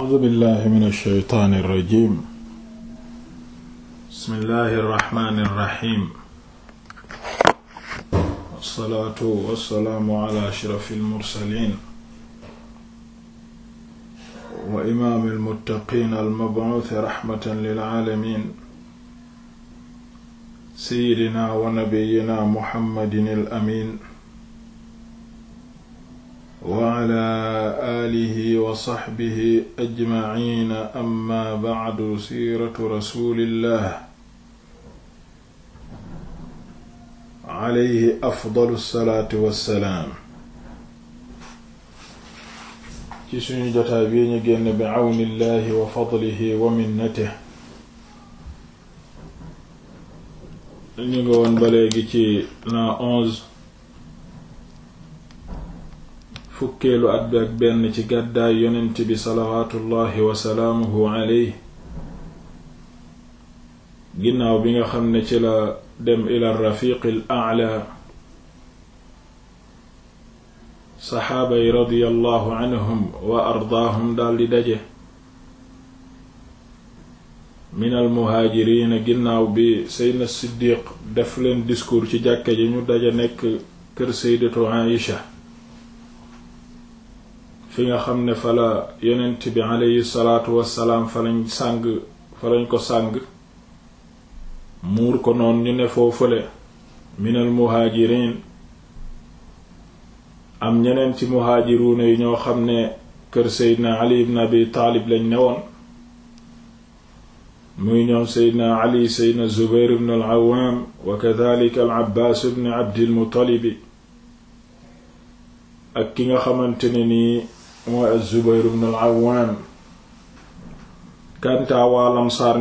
A'uuzu billaahi mina shaytaani rajiim. Bismillaahi rahmaani rahiim. Wassalaatu wassalaamu alaa ashrafil mursaliin. Wa imaamil muttaqiin al-mab'uusi rahmatan lil aalamiin. Sayyidinaa wa nabiyyinaa Muhammadin al-amiin. wala aalihi wa saxbihi ajmaciina amma bacdu siiratu rasulillah alayhi afdalu salaatu wassalaam ci suñu jotaay bii ñu génn bi cawni illahi léegi ci na fukkeelu at benn ci gàddaay yonent bi salawaatullaahi wasalaamuhu aleyhi ginnaaw bi nga xam ne ci la dem ila rafiqi al a'la saxaaba yi radiyallahu anhum wa ardaahum daldi daje min ginnaaw bi seydna siddiq def leen discours ci jàkka ji ñu daje nekk kër saydatu aisha fi nga xam ne fa la yonent bi aleyhi salaatu wassalaam fa lañ sàng fa ko sàng muur ko noonu ñu ne foofale minal muhaajiriin am ñeneen ci muhaajiruuna yi ñoo xam ne kër seydna ali ibn abi taalib lañ newoon muy ñoom seydna ali seydna zubair ibn al awaam wa kadhalika al abbaas ibn abdil muttalibi ak ki nga xamante nii mooy az-Zubayr ibn al-Awwam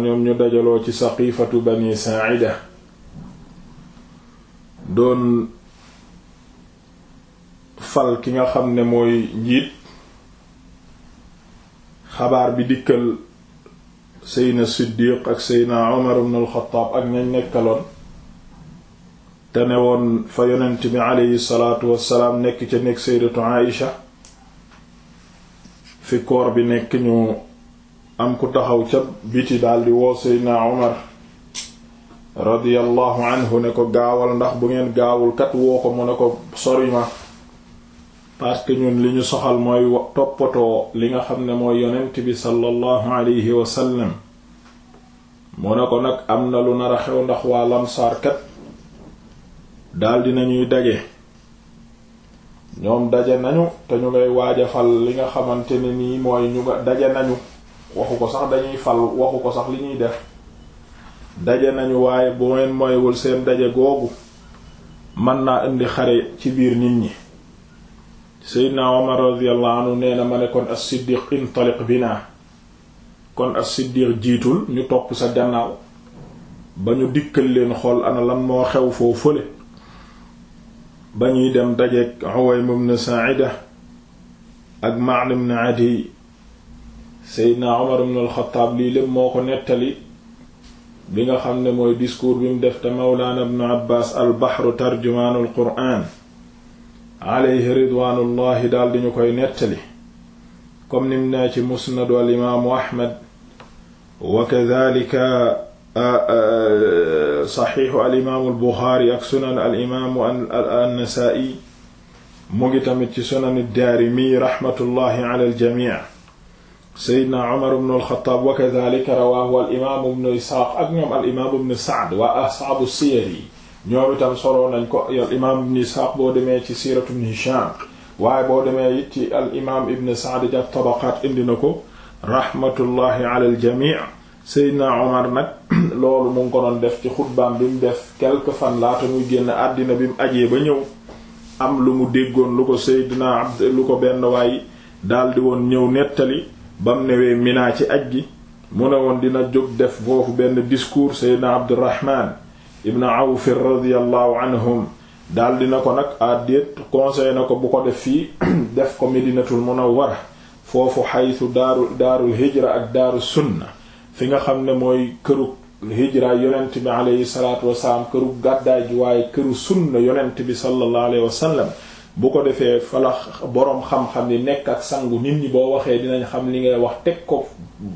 ñoom ñu dajaloo ci saqifatu bani Saa'ida doon fal ki nga xam ne mooy njiit xabaar bi dikkal Seydina Siddiq ak Seydina Umar ibn al ak ñañ nekkaloon te ne woon fa yonent bi aleyhi salaatu wassalaam nekk ca nekk Sayyidatu Aïsha fi koor bi nekk ñu am ku taxaw ca biti daldi woo Seydina Omar radiyallahu anhu ne ko gaawal ndax bu ngeen gaawul kat woo ko mu ne ko sori ma parce que ñun li ñu soxal mooy toppatoo li nga xam ne mooy yonent bi sallallahu alayhi wa mu ne ko nag am na lu nar a xew ndax waa lamsaar kat daldi nañuy daje ñoom daje nañu te ñu ngay waaj fal li nga xamante ne nii mooy ñu nga daje nañu waxu ko sax dañuy fal waxu ko sax li ñuy def daje nañu waaye bu ngeen moywul seen daje googu mën naa indi xare ci biir nit ñi seydna omar radiyallahu anhu nee na ma ne kon as-siddiq intaliq bina kon as-siddiq jiitul ñu topp sa gannaaw ba ñu dikkal leen xool ana lan moo xew foo fële ba ñuy dem dajeek Uwaym ibn Saa'ida ak Ma'n ibn Adiy Seydina Umar ibn al-Xattaab lii lépp moo ko nettali bi nga xam ne mooy discours bi mu def te Mawlaana ibn Abbaas al-Bahru tarjumaanul Qur'aan alayhi ridwaanullahi daal di ñu koy nettali comme nim ne ci musnadu al imaamu Ahmad wa saxiixu al imaamu al buxaari ak sunan al imaamu an-nasaa'i mu ngi tamit ci sunan ad-daarimi raxmatullahi ala al jamii seydna umar bnu al xattaab wa kadaalika rawaahu al imaamu bnu isxaaq ak ñoom al imaamu bnu sa'd waa asxaabu siyar yi ñoom itam solo nañ ko al imaam bnu isxaaq boo demee ci siiratu bnu hishaam waaye boo demee it ci al imaam ibnu sa'd ja tabaqaat indi na ko raxmatullahi ala al jamii Seydina Omar nag loolu mu ngi ko doon def ci xutbaam bi mu def quelque fan laata muy génn àddina bi mu ajee ba ñëw am lu mu déggoon lu ko Seydina lu ko benn waay daldi woon ñëw nettali ba mu newee Mina ci aj gi mu ne woon dina jóg def foofu benn discours Seydina Abdurrahman ibn Awf radiyallahu anhum daal dina ko nag àddeet ah conseil na ko bu ko def fii def ko Medinatul Munawwara foofu xaytu daaru daarul hijra ak daaru sunna fi nga xam ne mooy këru hijra yonent bi aleyhi salaatu wasalaam këru gàddaay ji waaye këru sunna yonent bi sallallahu alayhi wasallam bu ko defee fala boroom xam-xam yi nekk ak sangu nit ñi boo waxee dinañ xam li ngay wax teg ko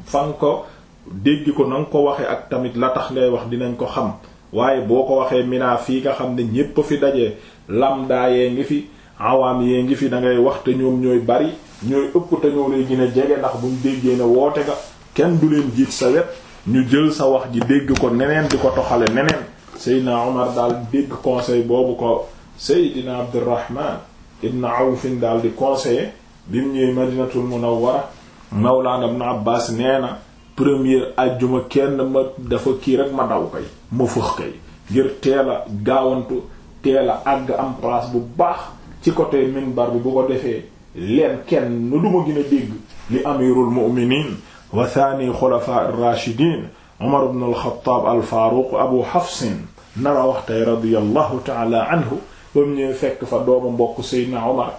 fan ko dégg ko na ko waxee ak tamit la tax ngay wax dinañ ko xam waaye boo ko waxee minaa fii nga xam ne ñépp fi daje lamdaa yee ngi fi awaam yee ngi fi da ngay wax te ñoom ñooy bari ñooy ëpp te ñoo lay gën a jege ndax buñ déggee ne woote nga kenn du leen jiit sa wet ñu jël sa wax ji dégg ko neneen di ko toxale neneen Seydina Omar daal dégg conseil boobu ko Seydina Abdurrahman ibn Awfin daal di conseiller bim ñëwee Madinatul Munawwara Mawlaana Ibn Abbas nee na premier ajjuma kenn ma dafa kii rek ma daw kay ma fëx kay ngir teel a gaawantu teel a àgg am place bu baax ci côté minbar bi bu ko defee leen kenn nu duma gën a dégg li amirul mu'minin wa thani xulafaa rachidin omar bn alxataab alfaaruq abu xafsin nara wax tey radiallahu taala anhu bam ñëwee fekk fa doomu mbokk seydna omar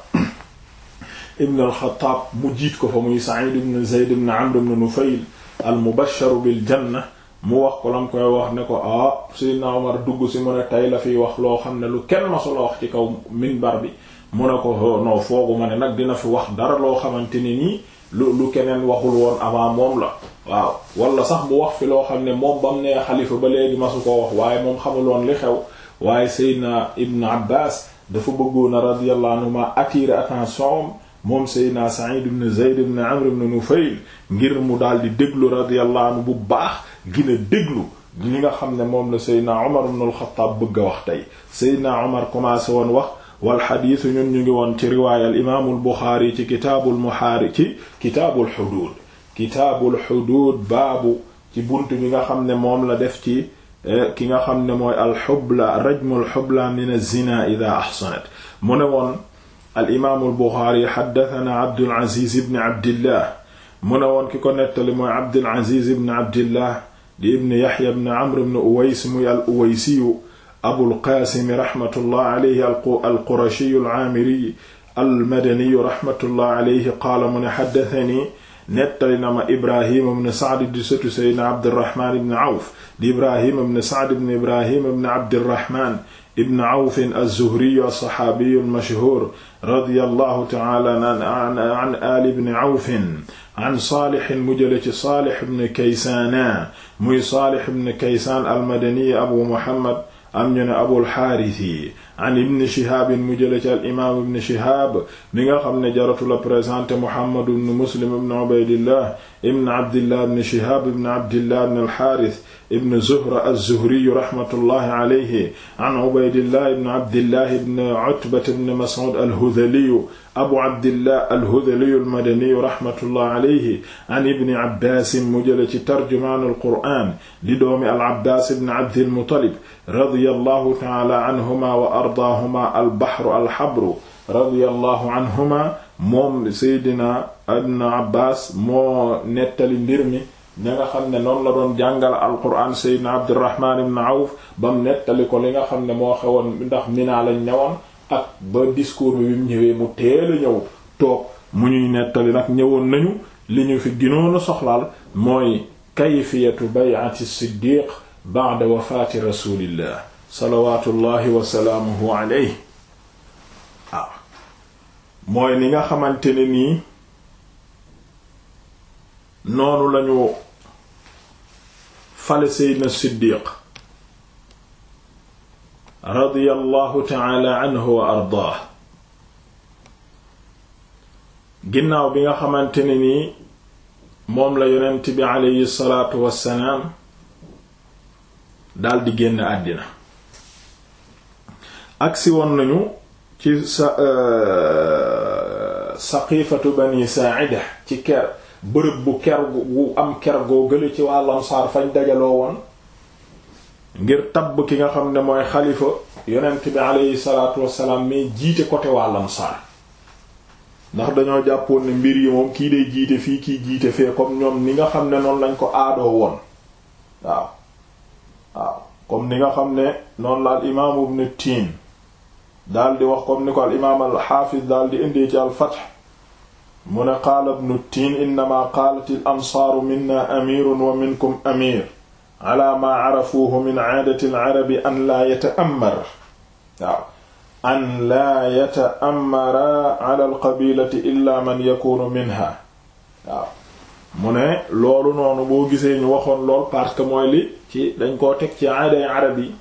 ibn alxataab mu jiit ko fa muy said bn zeyd bn amr bn nufayl almubacharu biljanna mu wax ko lam koy wax ne ko ah seydna omar dugg si mu ne tey la fiy wax loo xam ne lu kenn masula wax ci kaw minbar bi mu ne ko oh, non foogu ma ne nag dina fi wax dara loo xamante ne nii lu lu keneen waxul woon avant moom la waaw wala sax bu wax fi loo xam ne moom bam nee xalifa ba léegi masu koo wax waaye moom xamuloon li xew waaye naa Ibn Abbas dafa bëggoon a radiyallahu anhuma attirer attention moom Seydina Sa'id ibn Zayd ibn Amr ibn Nufayl ngir mu daal di déglu radiyallahu anhu bu baax gën a déglu li nga xam ne moom la Seydina naa ibn al-Khattab bëgg a wax tey naa Omar commencé woon wax wal xadiis ñun ñu ngi woon ci riwaayal imaamul buxaari ci kitaabul muhaari ci kitaabul xuduud kitaabul xuduud baabu ci bunt bi nga xam ne moom la def ci eh, ki nga xam ne mooy alxubla rajmul xubla min az-zinaa idaa axsanat mu ne woon al imaamul buxaari xaddatanaa abdul aziz ibn abdillah mu ne woon ki ko nettali mooy abdul aziz ibn abdillah di ibn yaxya ibn amr ibn uways muy al uwaysiyu abul qaasimi raxmatullah alayhi alqurashiyu alaamiriyi almadaniyu raxmatullah alayhi qaala mu ne xaddatani nettali na ma ibrahima ibn saad di sëtu seydna abdirahman ibn awf di ibrahima ibn saad ibn ibrahima ibn abdirahman ibn awf az-zuhriyu as-saxaabiyu al-mashhuur radiyallahu ta'aala an aali ibn awf an saalix mu jële ci saalix ibn kaysaan muy saalix ibn kaysaan al-madani abu muhammad am ñu ne abul xaaris yi an ibn shihab mu jële ci al imaam ibn shihab mi nga xam ne jaratu la présenté muhammad ibn muslim ibn ubaydillah ibn abdillah ibn shihab ibn abdillah ibn al xaaris ibn Zuhra az-Zuhri rahmatullahi alayhi an Ubaydillah ibn Abdillah ibn Utba ibn Mas'ud al-Hudhali Abu Abdillah al-Hudhali al-Madani rahmatullahi alayhi an Ibn Abbas mu jële ci tarjumaanul Qur'aan di doomi al-Abbas ibn Abdil Muttalib radiyallahu ta'ala anhuma wa ardaahuma al-bahru al-habru radiyallahu anhuma moom Seydina Ibn Abbas moo nettali mbir mi ña nga xam ne noonu la doon jàngal alquran seydna abdirahman ibn auf bam nettali ko li nga xam ne moo xewoon ndax minaa lañ newoon ak ba discours bi mu ñëwee mu teel a ñëw toog mu ñuy nettali nag ñëwoon nañu li ñu fi ginoon a soxlaal mooy kayfiyatu bay'ati siddiq ba'da wafaati rasulillah salawatullahi wasalaamuhu alayhi waaw ah. mooy ni nga xamante ne nii noonu lañu fale seydna siddiq radiyallahu taala anhu wa ardaah ginnaaw bi nga xamante ne moom la yonent bi aleyhi salaatu wassalaam daldi génn àddina agsi woon nañu ci sa euh, saqiifatu bani saa'ida ci ker bërëb bu ker wu am ker goo gële ci waa Ansaar fañ dajaloo woon ngir tabb ki nga xam ne mooy xalifa yonent bi aleyhi salaatu wassalaam mais jiite côté waa Ansaar ndax dañoo jàppoon ne mbir yi moom kii day jiite fii kii jiite fee comme ñoom ni nga xam ne noonu lañ ko aadoo woon waaw waaw comme ni nga xam ne noonu la al imaam ibn Tiin di wax koom ni ko al imaam al di indee ci al mu ne qaala ibnu tiin innama qaalat al ansaaru minna amirun wa minkum amir ala maa carafuuhu min caadati alcarabi an laa yata'ammar waaw an laa yata'ammara ala alqabilati illa man yakunu minha waaw mu ne loolu noonu boo gisee ñu waxoon lool parce que mooy li ci dañ koo teg ci aaday arab yi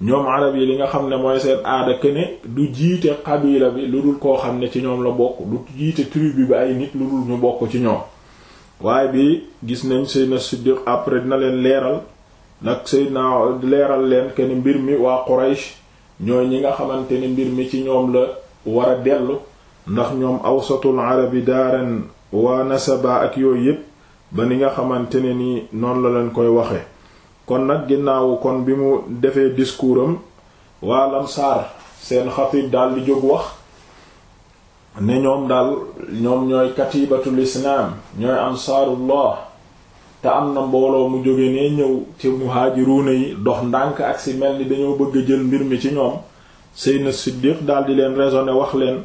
ñoom arab yi li nga xam ne mooy seen aada këne du jiite xabila bi lu dul koo xam ne ci ñoom la bokk du jiite tribu bi ay nit lu dul ñu bokk ci ñoom waaye bi gis nañ Seydina Siddiq après dina leen leeral nag Seydina leeral leen këne mbir mi waa Quraysh ñooy ñi nga xamante ne mbir mi ci ñoom la war a dellu ndax ñoom awsatul arabi daaran waa nasaba ak yooyu yépp ba ni nga xamante ne nii noonu la leen koy waxe kon nag ginnaawu kon bi mu defee discours am waa lamsaar seen xatib daal di jóg wax ne ñoom daal ñoom ñooy katibatul islaam ñooy ansaarullah te am na mbooloo mu jóge ne ñëw ci muhaajiruuna yi dox ndànk ak si mel ni dañoo bëgg a jël mbir mi ci ñoom Seydina Siddiq daal di leen raisonné wax leen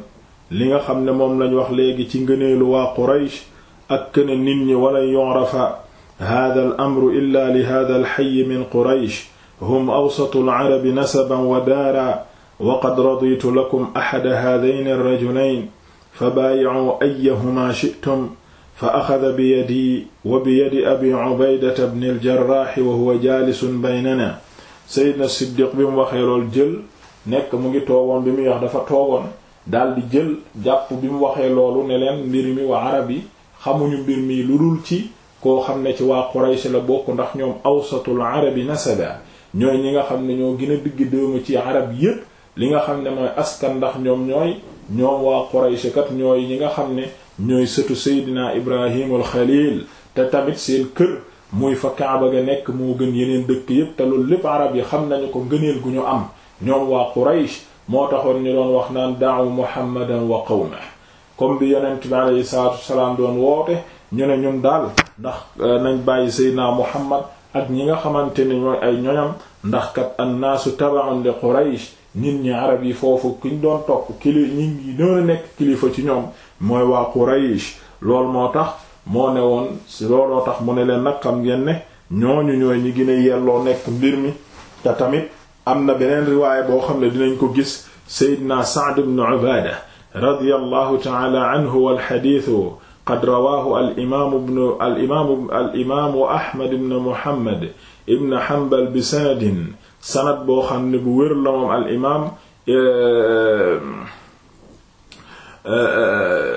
li nga xam ne moom lañ wax léegi ci ngëneelu waa Quraysh ak këne nit ñi wala yorafa hada al amru illa li hada al xayi min quraysh hum awsatu al arabi nasaban wa daara wa qad raditu lakum axada haadayn arrajulayn fabaayicuu ayahumaa shi'tum fa axada biyadi wa biyadi abi cubaydata bni aljaraaxi wa huwa jaalisun baynana seydna siddiq bi mu waxee lool jël nekk mu ngi toogoon bi muy wax dafa toogoon daldi jël jàpp bi mu waxee loolu ne leen mbir mi wa arab yi xamuñu mbir mi lu dul ci koo xam ne ci waa Quraysh la bokk ndax ñoom awsatul arabi nasaba ñooy ñi nga xam ne ñoo gën a digg doomu ci arab yépp li nga xam ne mooy askan ndax ñoom ñooy ñoom waa Quraysh kat ñooy ñi nga xam ne ñooy sëtu Seydina Ibrahimul Xaliil te tamit seen kër muy fa Kaaba ga nekk moo gën yeneen dëkk yépp te loolu lépp arab yi xam nañu ko ngëneel gu ñu am ñoom waa Quraysh moo taxoon ñu doon wax naan da'u Muhammadan wa qawma comme bi yonent bi alayhi salaatu salaam doon woote ñu ne ñun daal ndax euh, nañ bàyyi seydinaa muhammad ak ñi nga xamante ne ñooy ay ñoñam ndax kat annaasu tabaun li quraysh nit ñi arab yi foofu kiñ doon topp kili ñi ngi doon a nekk kilifa ci ñoom mooy waa quraysh loolu moo tax moo ne woon si looloo tax mu ne leen nag xam ngeen ne ñooñu ñooy ñi gën a yelloo nekk mbir mi te tamit am na beneen riwaaya boo xam ne dinañ ko gis seydinaa sa'd ibn ubaada radiyallahu ta'ala anhu wal hadithu qad rawaahu al imaamu ibnu al imaamu al imaamu Ahmad ibn Muhammad ibn Hanbal bi sanadin sanad boo xam ne bu wér la moom al imaam eh, eh,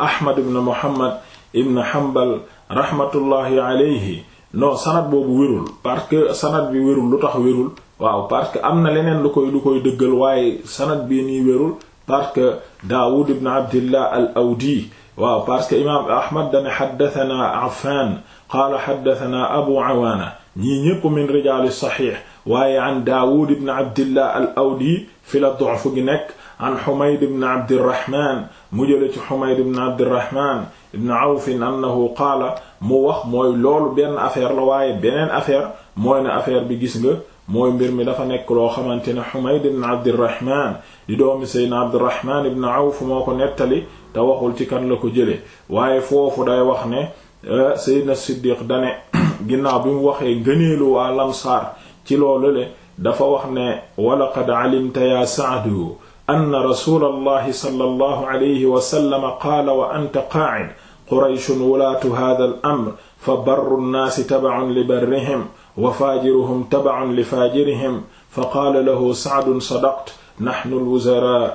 Ahmad ibn Muhammad ibn Hanbal rahmatullahi alayhi non sanad boobu wérul parce que sanad bi wérul lu tax wérul waaw parce que am na leneen lu koy lu koy dëggal waaye sanad bii nii wérul. parce que Daawud ibn Abdillah al Awdi waaw parce que imaam Ahmad dane xaddatanaa Affan qaala xaddatanaa Abu Awaana ñii ñépp min rijaali saxiix waaye an Daawud ibn Abdillah al Awdi fi la du'f gi nekk an Humayd ibn Abdirrahman mu jële ci Humayd ibn Abdirrahman ibn Awf annahu qaala mu wax mooy loolu benn affaire la waaye beneen affaire mooy ne affaire bi gis nga mooy mbir mi dafa nekk loo xamante ne Humayd ibn Abdirrahman di doomi Seydina Abdirrahman ibn Awf moo ko nettali te waxul ci kan la ko jëlee waaye foofu day wax ne euh, Seydina Siddiq dane ginnaaw bi mu waxee ngëneelu waa Lamsaar ci loolu le dafa wax ne walaqad alimta ya Sa'du anna rasulallahi sallallahu alayhi wa sallam qaala wa anta qaa'id qurayshun wulaatu haadha al-amr fa barru an-naasi tab'un li barrihim wa faajiruhum taba'an li faajirihim fa qaala lahu sa'dun sadaqta nahnu al-wuzaraa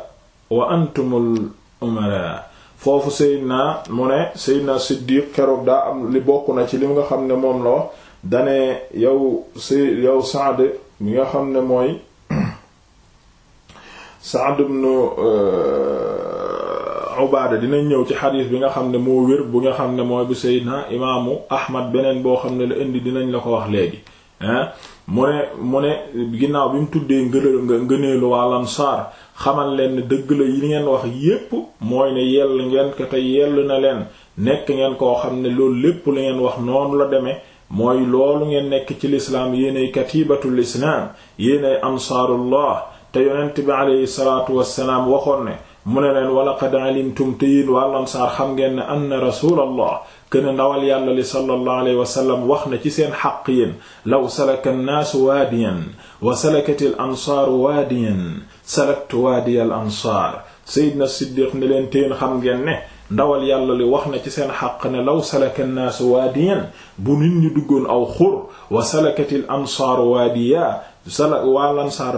wa antum al-umaraa foofu Seydina mu ne Siddiq keroog daa am li bokk na ci li nga xam ne moom loo wax dane yow yow Saad mi nga xam ne mooy Saad ibn euh, Ubaada dina ñëw ci xadiis bi nga xam ne moo wér bu xam ne mooy bu Seydina imaamu Ahmad beneen boo xam ne la indi dinañ la ko wax léegi ah mu ne mu ne ginnaaw bi mu tuddee ngëneel ngëneelu waa Ansaar xamal leen ne dëgg la yi ngeen wax yépp mooy ne yell ngeen ko te yell na leen nekk ngeen koo xam ne loolu lépp li ngeen wax noonu la demee mooy loolu ngeen nekk ci lislaam yéenay katibatul islaam yéenay ansaarullah te yonent bi aleyhi salaatu waxoon ne mu ne leen walaqad alimtum te yéen xam ngeen ne anna rasulallah kene ndawal yàlla li sallallahu alayhi wa sallam wax na ci seen xaq yéen law salaka nnaasu waadiyan wa salakati l ansaaru waadiyan salaktu waadiya al ansaar seydna siddiq ne leen xam ngeen ndawal yàlla li wax na ci seen xaq ne law salaka nnaasu waadiyan bu nit ñi duggoon aw xur wa salakati l ansaaru waadiya salak waa lansaar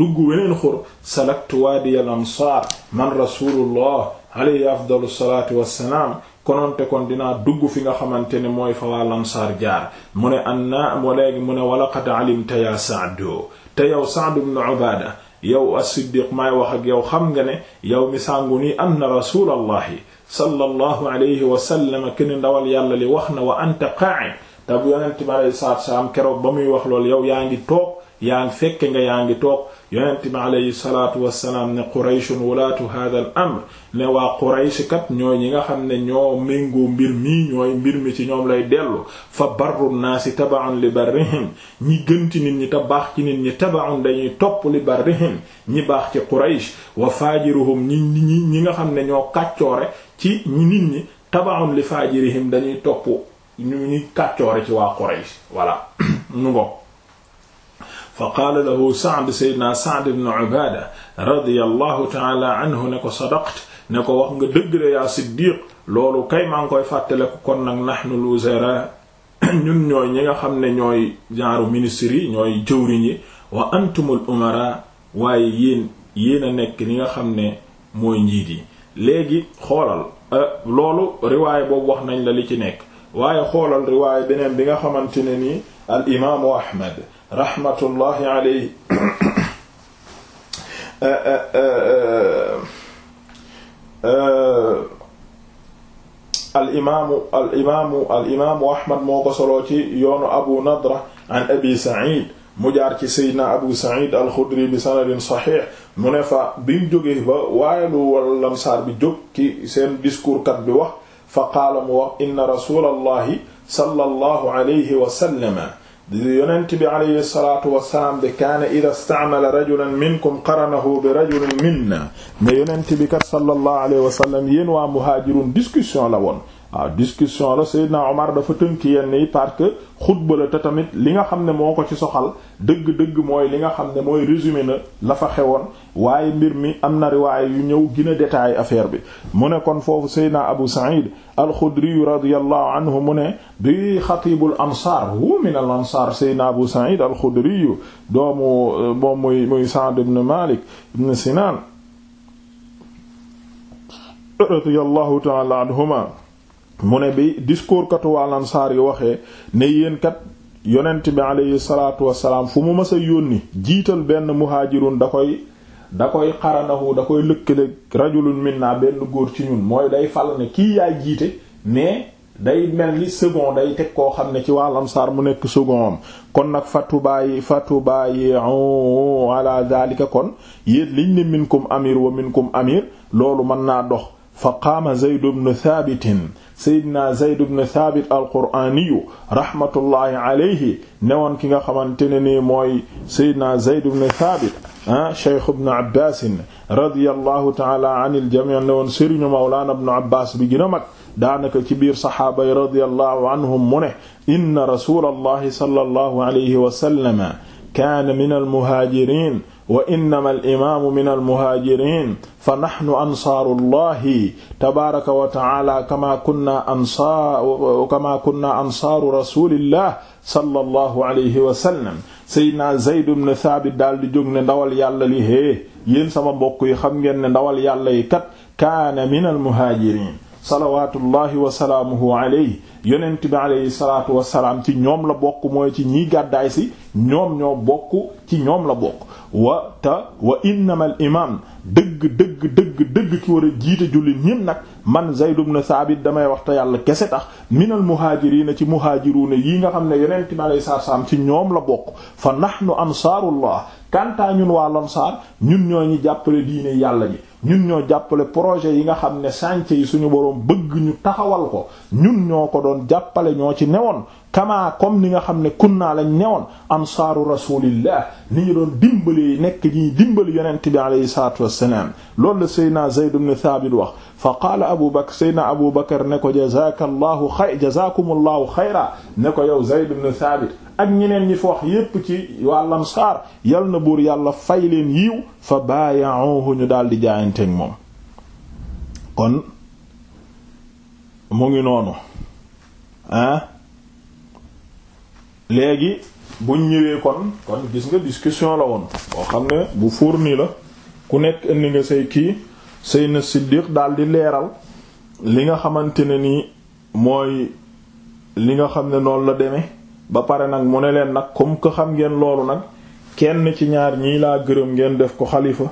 dugg weneen xur salaktu waadiyal ansaar man rasulullah alayhi afdalu salaatu wassalaam kononte kon dinaa dugg fi nga xamante ne mooy fa waa lansaar jaar mu ne anna mu léegi mu ne walaqad alimta ya saado te yow saad ibn ubaada yow as-siddiq maay wax ak yow xam nga ne yow mi sàngu nii anna rasulallahi sallallahu alayhi wa sallam ken ndawal yàlla li wax na wa anta qa'id te bu yonent bi alayhi salaatu salaam keroog ba muy wax lool yow yaa ngi toog yaa ngi fekke nga yaa ngi toog yonent bi alayhi salaatu wassalaam ne qurayshun wulaatu hadha al amr ne waa quraysh kat ñooy ñi nga xam ne ñoo méngoo mbir mii ñooy mbir mi ci ñoom lay dellu fa barru naasi tabaun li barrihim ñi gën ci nit ñi te baax ci nit ñi tabaun dañuy topp li barrihim ñi baax ci quraysh wa faajiruhum ñi ñi ñi nga xam ne ñoo kàccoore ci ñi nit ñi tabaun li faajirihim dañuy topp ñu ñuy kàccoore ci waa Quraysh voilà nu ngo fa qaala lahu Sa'd sayyidina Sa'd ibn Ubaada radiyallahu ta'ala anhu ne ko sadaqta ne ko wax nga dëgg de yaa Siddiq loolu kay maa ngi koy fàttaleku kon nag nahnu al-wuzara ñun ñooy ñi nga xam ne ñooy genre ministres yi ñooy jëwriñ yi wa antumul waaye yéen yéen nekk li nga xam ne mooy njiit yi léegi xoolal euh, loolu riwaay boobu wax nañ la li ci nekk waaye xoolal riwaaya beneen bi nga xamante ne nii al imaamu ahmad rahmatullahi alayhi al imaamu al imaamu al imaamu ahmad moo ko soloo ci yoonu abu nadra an abi said mu jaar ci seydna abu said alxudri bi sanadin saxiix mu ne fa bi mu jógee ba waaye lu wala lamsaar bi jóg ci seen discours kat bi wax fa qaala mu wax inna rasulallahi sallallahu alayhi wa sallama di yonent bi alayhi salaatu wasalaam de kaana ida staamala rajulan minkum qaranahu bi rajulin minna ne yonent bi kat sallallahu alayhi wa sallam yéen waa muhaajirun discussion la woon waaw discussion la Seydina Omar dafa tënk yenn yi parce que xutba la te tamit li nga xam ne moo ko ci soxal dëgg-dëgg mooy li nga xam ne mooy résumé na la fa xewoon waaye mbir mi am na riwaaye yu ñëw gën a détaillé affaire bi mu ne kon foofu Seydina Abu Sa'id al-Khudri radiyallahu mu ne bi xatibul ansaar hu min al ansaar Abu Sa'id al-Khudri doomu moom muy muy Sa'd ibn Malik ibn Sinan radiyallahu ta'ala anhuma mu ne bi discours katu wal waxee ne yéen kat yonent bi aleyhi salaatu wasalaam fu mu mës a yónni jiital benn muhaajirun da koy da koy xaranahu da koy lëkkale rajulun minna benn góor ci ñun mooy day fal ne kii yaay jiite mais day mel ni second day teg koo xam ne ci wàll ansaar mu nekk second am kon nag fatubaayi fatubaayi ala zalika kon yéen liñ ne minkum amir wa minkum amir loolu mën naa dox fa qaama zayd bnu thaabitin seydina zayd bnu thaabit alqur'aaniyu rahmatullahi alayhi newoon ki nga xamante ne nii mooy seydina zayd bnu thaabit ah cheikh bnu abbaasin radiyallahu taala an iljamii newoon sëriñu mawlaana bnu abbaas bi gën a mag daanaka ci biir saxaaba yi radiyallahu anhum mu ne inna rasuulallahi sallallahu alayhi wa sallam kaana minal muhaajiriin wa innama alimaamu min almuhaajirin fa naxnu ansaaru allahi tabaaraka wa taala kama kunna ansaaru kama kunna ansaaru rasulillah sallallahu alayhi wa sallam seydina zayd ibn thaabit daal di jóg ne ndawal yàlla hee yéen sama mbokk yi xam ngeen ne ndawal yàlla yi kat kaana min almuhaajirin salawatullahi wa salaamuhu alayhi yonent bi alayhi ci ñoom la bokk mooy ci ñiy gàddaay si ñoom ñoo bokk ci ñoom la bokk wa ta wa innamal imaam dëgg dëgg dëgg dëgg ci war a jiite jullit ñépp nag man Zayd ibn Thabit damay wax te yàlla kese tax minal muhaajiriina ci muhaajiruuna yi nga xam ne yonent mi alayhi salaatu salaam ci ñoom la bokk fa nahnu ansaarullah kantaa ñun waa lansaar ñun ñoo ñi jàppale diine yàlla ñi ñun ñoo jàppale projet yi nga xam ne chantier yi suñu boroom bëgg ñu taxawal ko ñun ñoo ko doon jàppale ñoo ci newoon kamaa comme ni nga xam ne kunnaa lañ newoon ansaaru rasulillah ni ñu doon dimbali nekk ñi dimbali yonent bi alayhi salaatu wassalaam loolu la seydna Zayd ibn Thaabit ne ko jazaaka allahu xay ne ko yow Zayd ibn ak ñeneen ñi fi wax yépp ci wàll ansaar yal na buur yàlla fay leen yiw fa baaya'uhu ñu daal di jaayanteeg moom kon mu ngi noonu ah léegi buñ ñëwee kon kon gis nga discussion la woon boo xam ne bu fourni la ku nekk indi nga say kii Seydina Siddiq daal di leeral li nga xamante ne nii mooy li nga xam ne noonu la demee ba pare nag mu ne leen nag comme que xam ngeen loolu nag kenn ci ñaar ñii laa gërëm ngeen def ko xalifa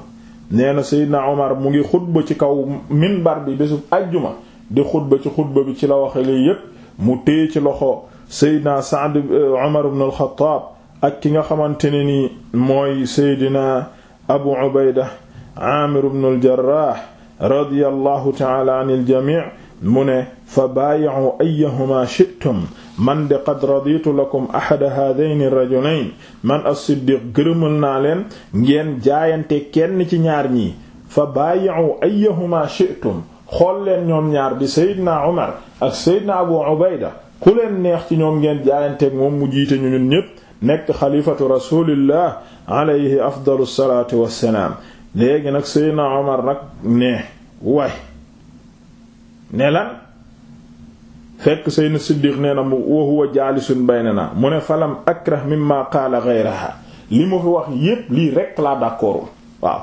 nee na Seydina Omar mu ngi xutba ci kaw minbar bi bésub ajjuma di xutba ci xutba bi ci la waxe yépp mu téye ci loxo seydina Sa'd Umar euh, ibn al-Khattab ak ki nga xamante ne nii mooy seydina Abu Ubayda Aamir ibn al-Jarrah radiyallahu ta'ala anil jami' mu ne fa baayi'u ayyahuma shi'tum man de qad raditu lakum ahada haadayni rajulayn man as-Siddiq gërëmal naa leen ngeen jaayante kenn ci ñaar ñii fa baayi'u ayyahuma shi'tum xool leen ñoom ñaar di Seydina Umar ak Seydina Abu Ubayda ku leen neex ci ñoom ngeen jaayanteeg moom mu jiite ñu ñun ñépp nekk xalifatu rasulillah alayhi afdalu salaatu wassalaam léegi nag seydna omar nag ne waay ne lan fekk seydna siddiq nee na mu wa huwa jaalisun baynana mu ne falam akrah mimma qaala ghayraha li mu fi wax yépp lii rekk laa d'accord waaw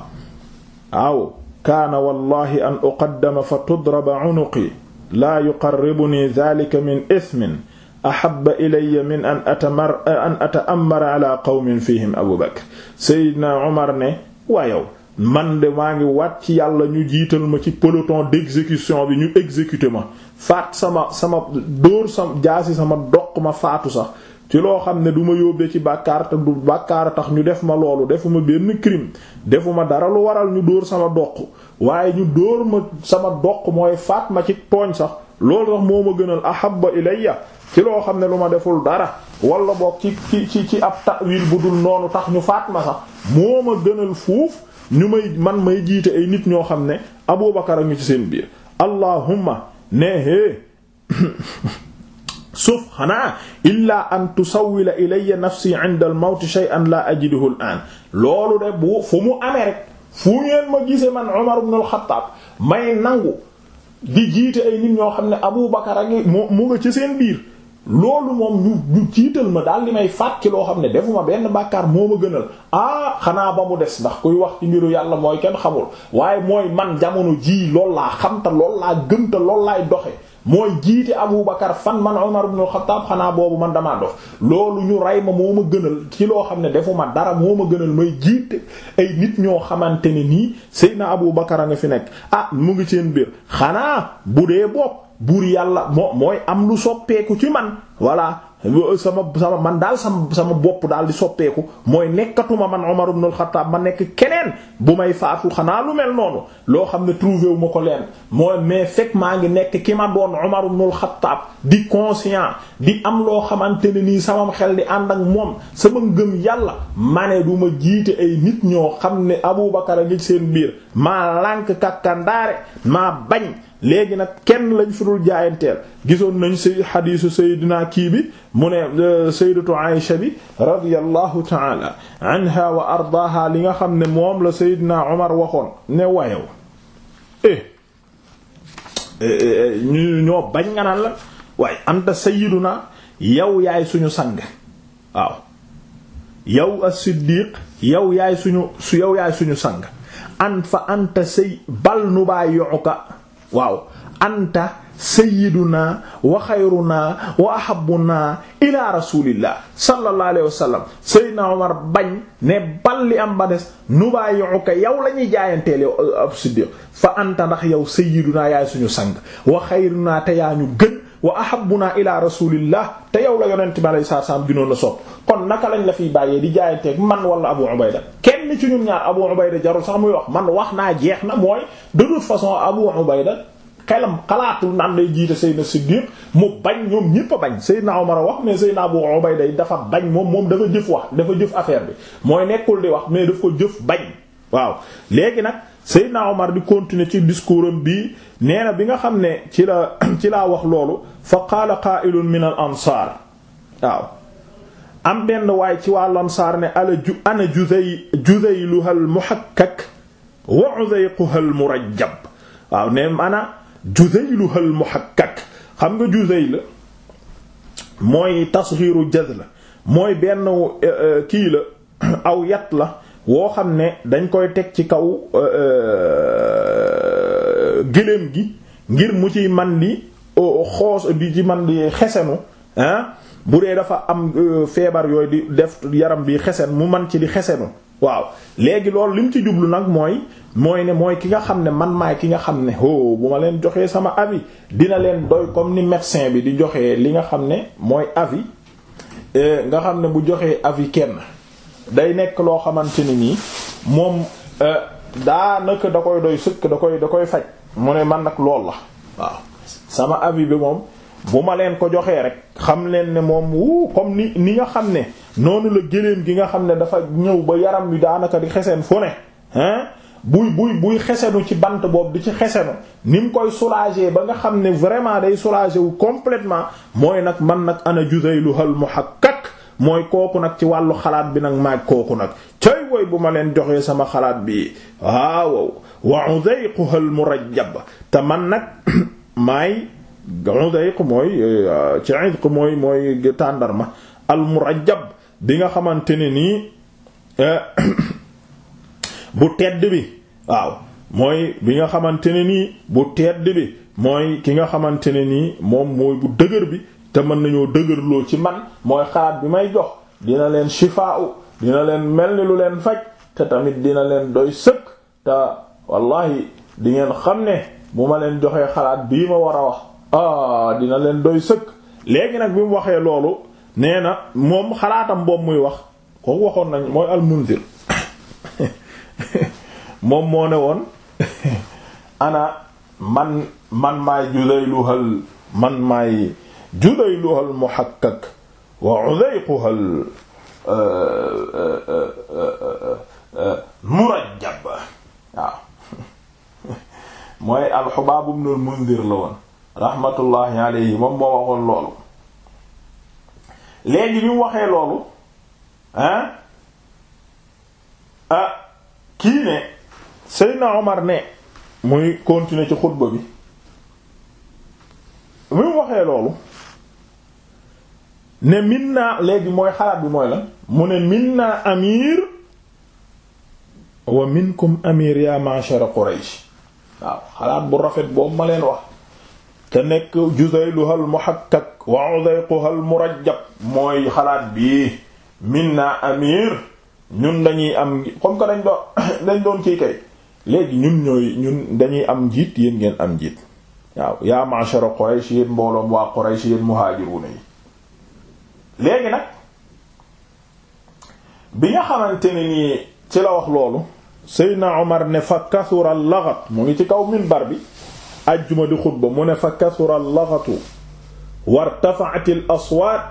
waaw wallahi an uqaddama fa tudraba unuqi laa yuqarribuni dhalika min ismin ahabba ilayya min an atamar an ata'ammara ala qawmin fihim abu bakr seydina omar ne waa yow man de maa ngi waat ci yàlla ñu jiital ma ci peloton d'exécution bi ñu exécuté ma faat sama sama dóor sama jaasi sama doq ma faatu sax ci loo xam ne duma ma yóbbee ci bàkkaar te du tax ñu def ma loolu defuma benn crime defuma dara lu waral ñu dóor sama doq waaye ñu dóor ma sama doq mooy faat ma ci tooñ sax loolu sax moo ma gënal ahabba ilayya ci loo xam ne lu ma deful dara walla boo ci ci ci ci ab ta'wil bu dul noonu tax ñu faat ma sax moo ma gënal fuuf ñu may man may jiite ay nit ñoo xam ne Abubakar a ngi ci seen biir allahumma neehee suuf xanaa illaa an tusawwila ilayya nafsi 'inda al-mawt shay'an la ajiduhu al loolu de bu mu amee rek fu ngeen ma gisee man Umar ibn al-Khattab may nangu di jiite ay nit ñoo xam ne Abu Bakar ak mu mu nga ci seen biir loolu moom ñu ñu jiital ma daal li may faat loo xam ne defuma benn bàkkaar moo ma gënal ah xanaa ba mu des ndax kuy wax ci ngiru yàlla mooy kenn xamul waaye mooy man jamono jii lool laa xam lool laa gëm te lool laay doxe mooy jiite Abu Bakar fan man Umar ibn al-Khattab xanaa boobu man damaa dof loolu ñu rey ma moo ma gënal ci loo xam ne defuma dara moo ma gënal may jiit ay nit ñoo xamante ne nii Seydina Abu Bakar a nga fi nekk ah mu ngi seen biir xanaa bu dee bopp buur yàlla moo mooy am lu soppeeku ci man voilà sama sama man daal sama sama bopp daal di soppeeku mooy nekkatuma man Umar ibn al ma nekk keneen bu may faatu xanaa lu mel noonu loo xam ne trouvé wu ma ko leen mooy mais fekk maa ngi nekk ki ma doon Umar ibn al-Khattab di conscient di am loo xamante ne nii sama xel di ànd ak moom sama ngëm yàlla ma ne du jiite ay nit ñoo xam ne Abu Bakar a ngi seen biir maa lànk kàkkandaare maa bañ léegi nag kenn lañ fi dul jaayanteel gisoon nañ say xadiisu saydina kii bi mu ne euh, saydatu Aïsha bi radiyallahu taala li nga xam ne moom la saydina Omar ne wayow eh. Eh, eh, ñu ñoo la waaye anta sayyiduna yow yaay suñu sang waaw yow as-siddiq yow yaay suñu sang an fa anta sëy bal nu baa yuka waaw anta sayyiduna wa xayruna wa ahabuna ila rasulillah sallallahu alayhi wa sallam Umar bañ ne bal li am ba des nubaayuka yow la ñuy jaayanteel yow ab siddiq fa anta ndax yow sayyiduna yaay suñu sang wa xayruna te yaa ñu gën wa ahabuna ila rasulillah te yow la yonent bi alayhi salaam ginoon la sopp kon naka lañ la fiy bàyyee di jaayanteeg man wala Abu Ubayda kenn ci ñun ñaar Abu Ubayda jarul sax muy wax man wax naa jeex na mooy de toute façon Abu Ubayda xelam xalaatul naan lay jiite na Siddiq mu bañ ñoom ñëpp a bañ Seydina Omar wax mais Seydina Abu Ubayda dafa bañ moom moom dafa jëf wax dafa jëf affaire bi mooy nekkul di wax mais daf ko jëf bañ waaw léegi nag Seydina Omar di continuer ci discours am bii nee bi nga xam ne ci la ci laa wax loolu fa qaala qaa'ilun min am benn waay ci waa lamsaar ne ala ju ana juzay juzayluhal muhakkak wa uzayquhal murajjab waaw ne ana juzayluhal muhakkak xam nga juzay la mooy tasxiiru jaz la mooy benn eh, eh, kii la aw yat la woo xam ne dañ koy teg ci kaw eh, gëléem gi ngir mu ci man di xoos di ci man di xesenu ah bu dee dafa am euh, feebar yooyu di def yaram bi xesen mu man ci di xesenu waaw léegi loolu lim ci jublu nag mooy mooy ne mooy ki nga xam ne man maay ki nga xam ne oh bu ma leen joxee sama avis dina leen doy comme ni médecin bi di joxee li nga xam ne mooy avi euh, nga xam ne bu joxee avis kenn day nekk loo xamante ni nii moom euh, daa nag da koy doy sëkk da koy da koy faj mu ne man nag lool la waaw sama avis bi moom bu ma leen ko joxee rek xam leen ne moom wuu comme ni ni nga xam ne noonu la gëléem gi nga xam ne dafa ñëw ba yaram wi daanaka di xeseen fu ne hein buy buy buy xesenu ci bant boobu di ci xesenu ni mu koy soulager ba nga xam ne vraiment day soulager wu complètement mooy nag man nag ana judayluhal muhakkak mooy kooku nag ci wàllu xalaat bi nag maag kooku nag cay woy bu ma leen joxee sama xalaat bi waaw wa udayquhal murajjab te man nag maay udayq mooy euh, ci idq mooy mooy tàndarma al murajjab bi nga xamante ne nii euh, bu tedd bi waaw mooy bi nga xamante ne nii bu tedd bi mooy ki nga xamante ne nii moom mooy bu dëgër bi te mën nañoo dëgërloo ci man mooy xalaat bi may jox dina leen shifaa dina leen mel ni lu leen faj te tamit dina leen doy sëkk te wallahi di ngeen xam ne bu ma leen joxee xalaat bii ma war a wax ah dina leen doy sëkk léegi nag bi mu waxee loolu nee na moom xalaatam boobu muy wax kooku waxoon nañ mooy almunzir moom moo ne woon ana man man maay judayluhal man maay judayluhal muhakkak wa udayquhal euh, euh, euh, murajjab waaw mooy alxubaab ibnul munzir la woon raxmatullaahi alayhi moom moo waxoon loolu léegi bi waxee loolu ah ah kii ne Seydina Omar ne muy continuer ci xutba bi bi mu waxee loolu ne min léegi mooy xalaat bi mooy lan mu ne min naa wa minkum amir ya ma'shara Quraysh waaw xalaat bu rafet boobu ma leen wax te nekk juzayluha al muhakkak wa uzayquha al murajjab mooy xalaat bii minna amir ñun dañuy am comme doon dañ doon dañuy am njiit yéen ngeen am njiit waaw yaa ma'shara Quraysh yéen mbooloom waa Quraysh yéen muhaajiruuna yi léegi nag bi nga xamante ne nii ci la wax loolu Seydina Omar ne fa kasura lagat mu ngi ci kaw minbar bi ajjuma di xutba mu ne fa kasura allaxatu wartafa'at al aswaat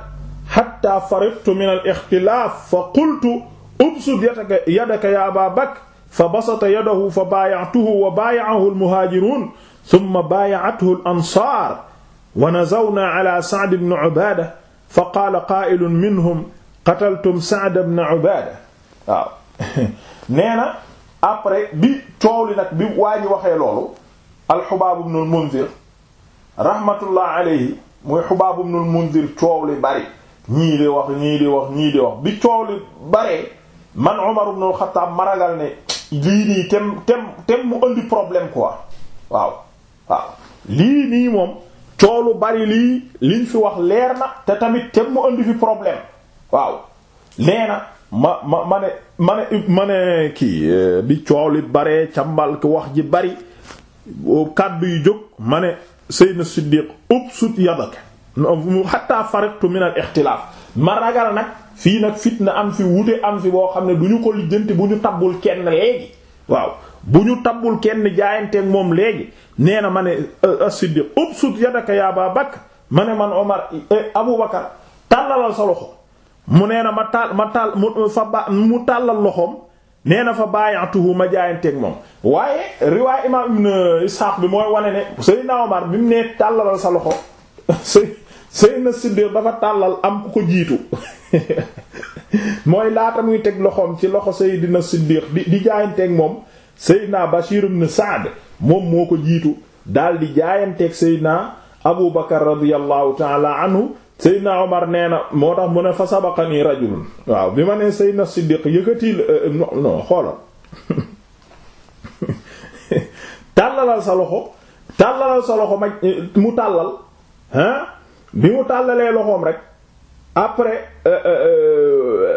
xatta faridtu min al ixtilaaf fa qultu ubsut yadaka yadaka ya aba bakr fa basata yadahu fa baaya'tuhu wa baaya'ahu al muhaajiruun summa baaya'athu al ansaar wa nazawnaa ala sa'd ibn ubaada fa qaala qaa'ilun minhum qataltum sa'd ibn ubaada waaw nee na après bi coow li nag bi waa ji waxee loolu alxubaab ibn al mundir rahmatullah alayhi muy xubaab ibn al mundir coow li bari ñii di wax ñii di wax ñii di wax bi coow li baree man Umar ibn al Xattaab ma ragal ne lii nii tem tem tem mu indi problème quoi waaw waaw lii nii moom coow lu bari lii liñ fi wax leer na te tamit tem mu indi fi problème waaw nee na ma ma ne ma ne kii eh, bi coow li baree càmbal ki wax ji bari kàddu yu jóg ma ne Seydina Siddiq ubsut yadak hatta faraqtu min al ixtilaaf ma ragal nag fii nag fit na am fi wute am fi boo xam ne du ñu ko lijjanti bu ñu tabbul kenn léegi waaw bu ñu tabbul kenn jaayanteeg moom léegi nee na ma ne as-Siddiq ubsut yadaka ya Aba Bakr ma ne man Omar e, Abu tàllalal sa loxo mu nee na ma taal ma taal mu tàllal loxoom nee na fa bàyyatuhu ma jaayanteeg moom waaye riwaay imam ibn Ishaq bi mooy wane ne Seydina Omar bi mu nee tàllalal sa loxo Seydina Siddiq dafa tàllal am ku ko jiitu mooy laata muy teg loxoom ci loxo Seydina Siddiq di di jaayanteeg moom Seydina Bashir ibn Sa'd moom moo ko jiitu daal di jaayanteeg Seydina Abu Bakar radiyallahu ta'ala anhu Seydina Omar nee na moo tax mu ne fa sabaqani rajulun waaw bi ma nee Seydina Siddiq yëkkatil euh, non xoolal tàllalal sa loxo tàllalal sa loxo ma euh, mu tàllal hein bi mu tàllalee loxoom rek après euh,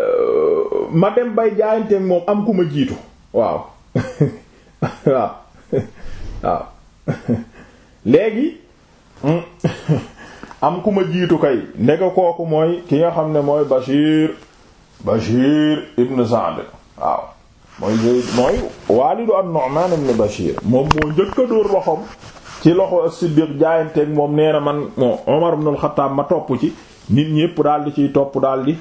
ma dem bay jaayanteeg moom am ku ma jiitu waaw waaw waaw léegi hmm. am ku ma jiitu kay ndeke kooku mooy ki nga xam ne mooy Bashir Bashir ibn Sa'd waaw mooy mooy waalidu an-Nu'man ibn Bashir moom moo njëkk a dóor loxoom ci loxo as-Siddiq jaayanteeg moom nee man mo Omar ibn al ma topp ci nit ñépp daal di ciy topp daal di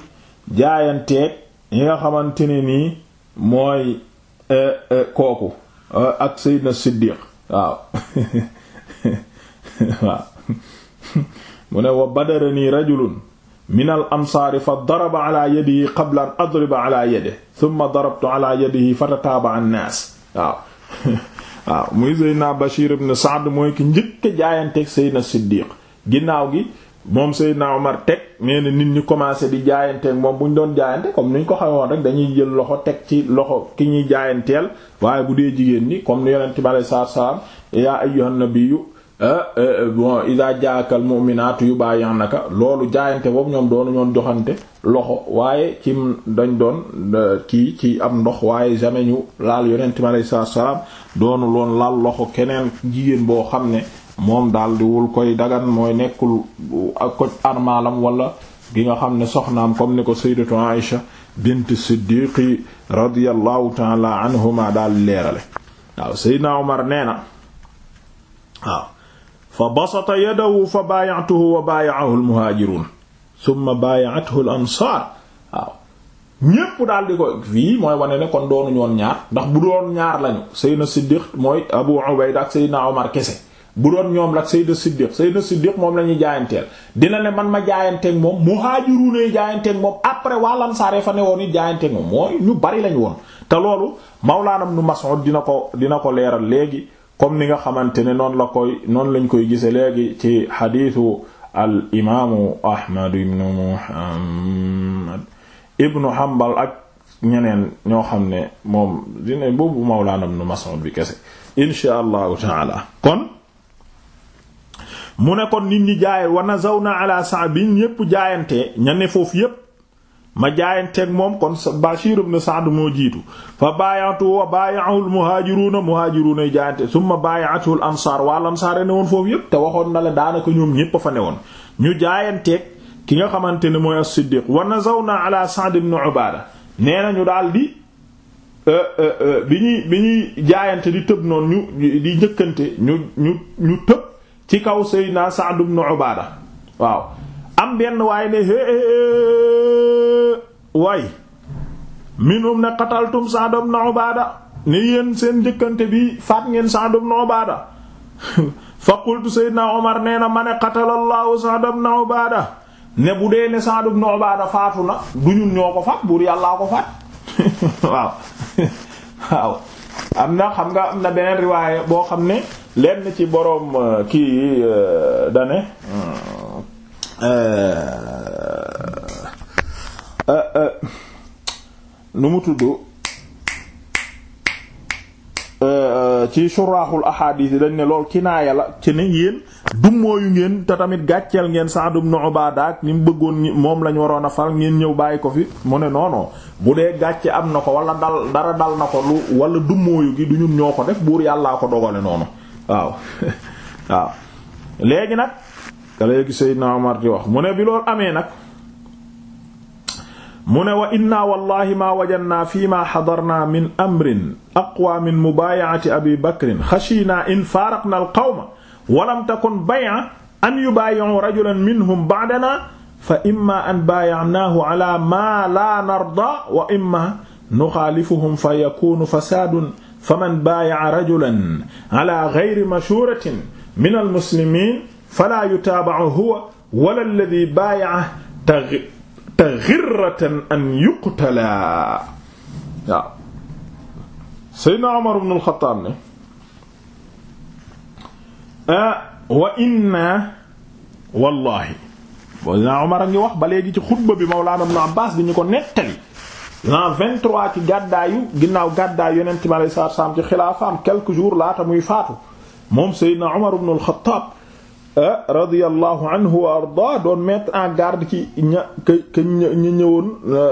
jaayanteeg yi nga xamante ne nii mooy eh, eh, kooku eh, ak Sayyidna Siddiq waaw waaw mu ne wa badarani rajulun min al ansaari fa daraba ala yadihi qabla an adriba ala yadihi thumma fa ala yadihi fatataaba annaas waaw waaw muy Seydina Bashir ibn Sa'd mooy ki njëkk a jaayanteeg Seydina Siddiq ginnaaw gi moom Seydina Omar teg nee na nit ñi commencé di jaayanteeg moom bu ñu doon jaayante comme ni ñu ko xamoon rek dañuy jël loxo teg ci loxo ki ñuy jaayanteel waaye bu dee jigéen ñi comme ni Yonent bi alayhi salaatu wa salaam yaa ayyuhan nabiyyu Euh, euh, euh, bon iza jaakal mu'minaatu yubaayinaka loolu jaayante boobu ñoom doonu ñoon joxante loxo waaye ci dañ doon kii ci am ndox waaye jamais ñu laal yonent mi alayhi salaatu salaam doonu loon laal loxo keneen jigéen boo xam ne moom daal wul koy dagan mooy nekkul ak ko armaalam wala ki nga xam ne soxnaam comme ni ko sayyidatu Aïsha bint siddiqi radiyallahu taala anhuma daal leerale waaw sayyidna Umar nee na waaw fa basata yadahu fa baayatuhu wa baayaahu almuhaajiruun summa baayathu al ansaar waaw ñépp daal di ko fii mooy wane ne kon doonuñu woon ñaar ndax bu doon ñaar lañu Seydina Siddiq mooy Abu Ubayda ak Seydina Omar kese bu doon ñoom la Seydina Siddiq Seydina Siddiq moom la ñuy jaayanteel dina ne man ma jaayanteeg moom muhaajiruun jaayanteeg moom après waa lansaar fa ne woon yi jaayanteeg moom mooy ñu bari lañu woon te loolu Mawlaana Ibnu Mas'ud dina ko dina ko leeral léegi comme ni nga xamante ne noonu la koy noonu lañ koy gise léegi ci xadiisu al imaamu ahmad ibnu muhammad ibnu hanbal ak ñeneen ñoo xam ne moom dina boobu mawlaana ibnu mas'ud bi kese insha allahu taala kon mu ne kon nit ñi jaay wa nazawna ala sa'bin ñépp jaayante ña foofu yépp ma jaayanteeg moom kon Bashir na Sa'd moo jiitu fa baayatu wa baayahul muhaajiruuna muhaajiruuna yi jaayante summa baayatul ansaar wal ansaar ne woon foofu yépp te waxoon na la daanaka ñoom ñépp a fa ne woon ñu jaayanteeg ki nga xamante ne mooy as-Siddiq wa nazawna ala Sa'd ibn Ubaada nee na ñu daal di euh, euh, euh, bi ñuy bi ñuy jaayante di tëb noonu ñu di njëkkante ñu tëb ci kaw Seydina Sa'd ibn Ubaada waaw am benn waaye ne waay minhum ne qataltum Sa'd ibn Ubaada ne yéen seen njëkkante bi faat ngeen Sa'd ibn Ubaada fa qultu Seydina Omar nee ma ne qatalallahu Sa'd ibn Ubaada ne bu dee ne Sa'd ibn Ubaada faatu na du ñun ñoo ko faat buur yàllaa ko faat waaw am na xam nga am na beneen riwaaye boo xam ne lenn ci boroom uh, kii uh, dane hmm, Euh, euh, euh, nu mu tudd ci suraaxul ahadis yi dañ ne lool kinaaya la ci ne yéen yu ngeen te tamit gàcceel ngeen Sa'd ibn Ubaada ak ni mu bëggoon moom lañu waroon a fal ngeen ñëw bàyyi ko fi mu ne noonon bu dee gàcce am na ko wala dal dara dal na ko lu wala dummóoyu gi du ñun ñoo ko def buur yàllaa ko dogale noonu waaw waaw léegi nag ka léegi Seydina Omar di wax mu ne bi loolu amee nag mu ne wa inna wallahi maa wajadnaa fii maa xadarnaa min amrin aqwa min mubaayaati abi bakrin xashiinaa in faaraqnaa alqawma wa lam takun bay'a an yubaayi'uu rajulan minhum ba'danaa fa immaa an baayaynaahu alaa maa laa nardaa wa immaa nuxaalifuhum fa yakuunu fasaadun faman baaya'a rajulan alaa gayri mashuuratin minal muslimiin fala yutaabacu huwa wala alladi baayaca taxirratan an yuqtala waaw Seydina Umar ibn al-Khattab ne wa inna wallahi Seydina Umar a ngi wax ba léegi ci xutba bi Mawlaana Ibn Abbaas di ñu ko nettali l'an 23 ci gàddaayu ginnaaw gàddaayu Yonent bi alayhi salaatu wa salaam ci xilaafaam quelques jours laata muy faatu moom Seydina Umar ibn al-Khattab Euh, radiyallahu anhu wa arda doon mettre en garde ci euh,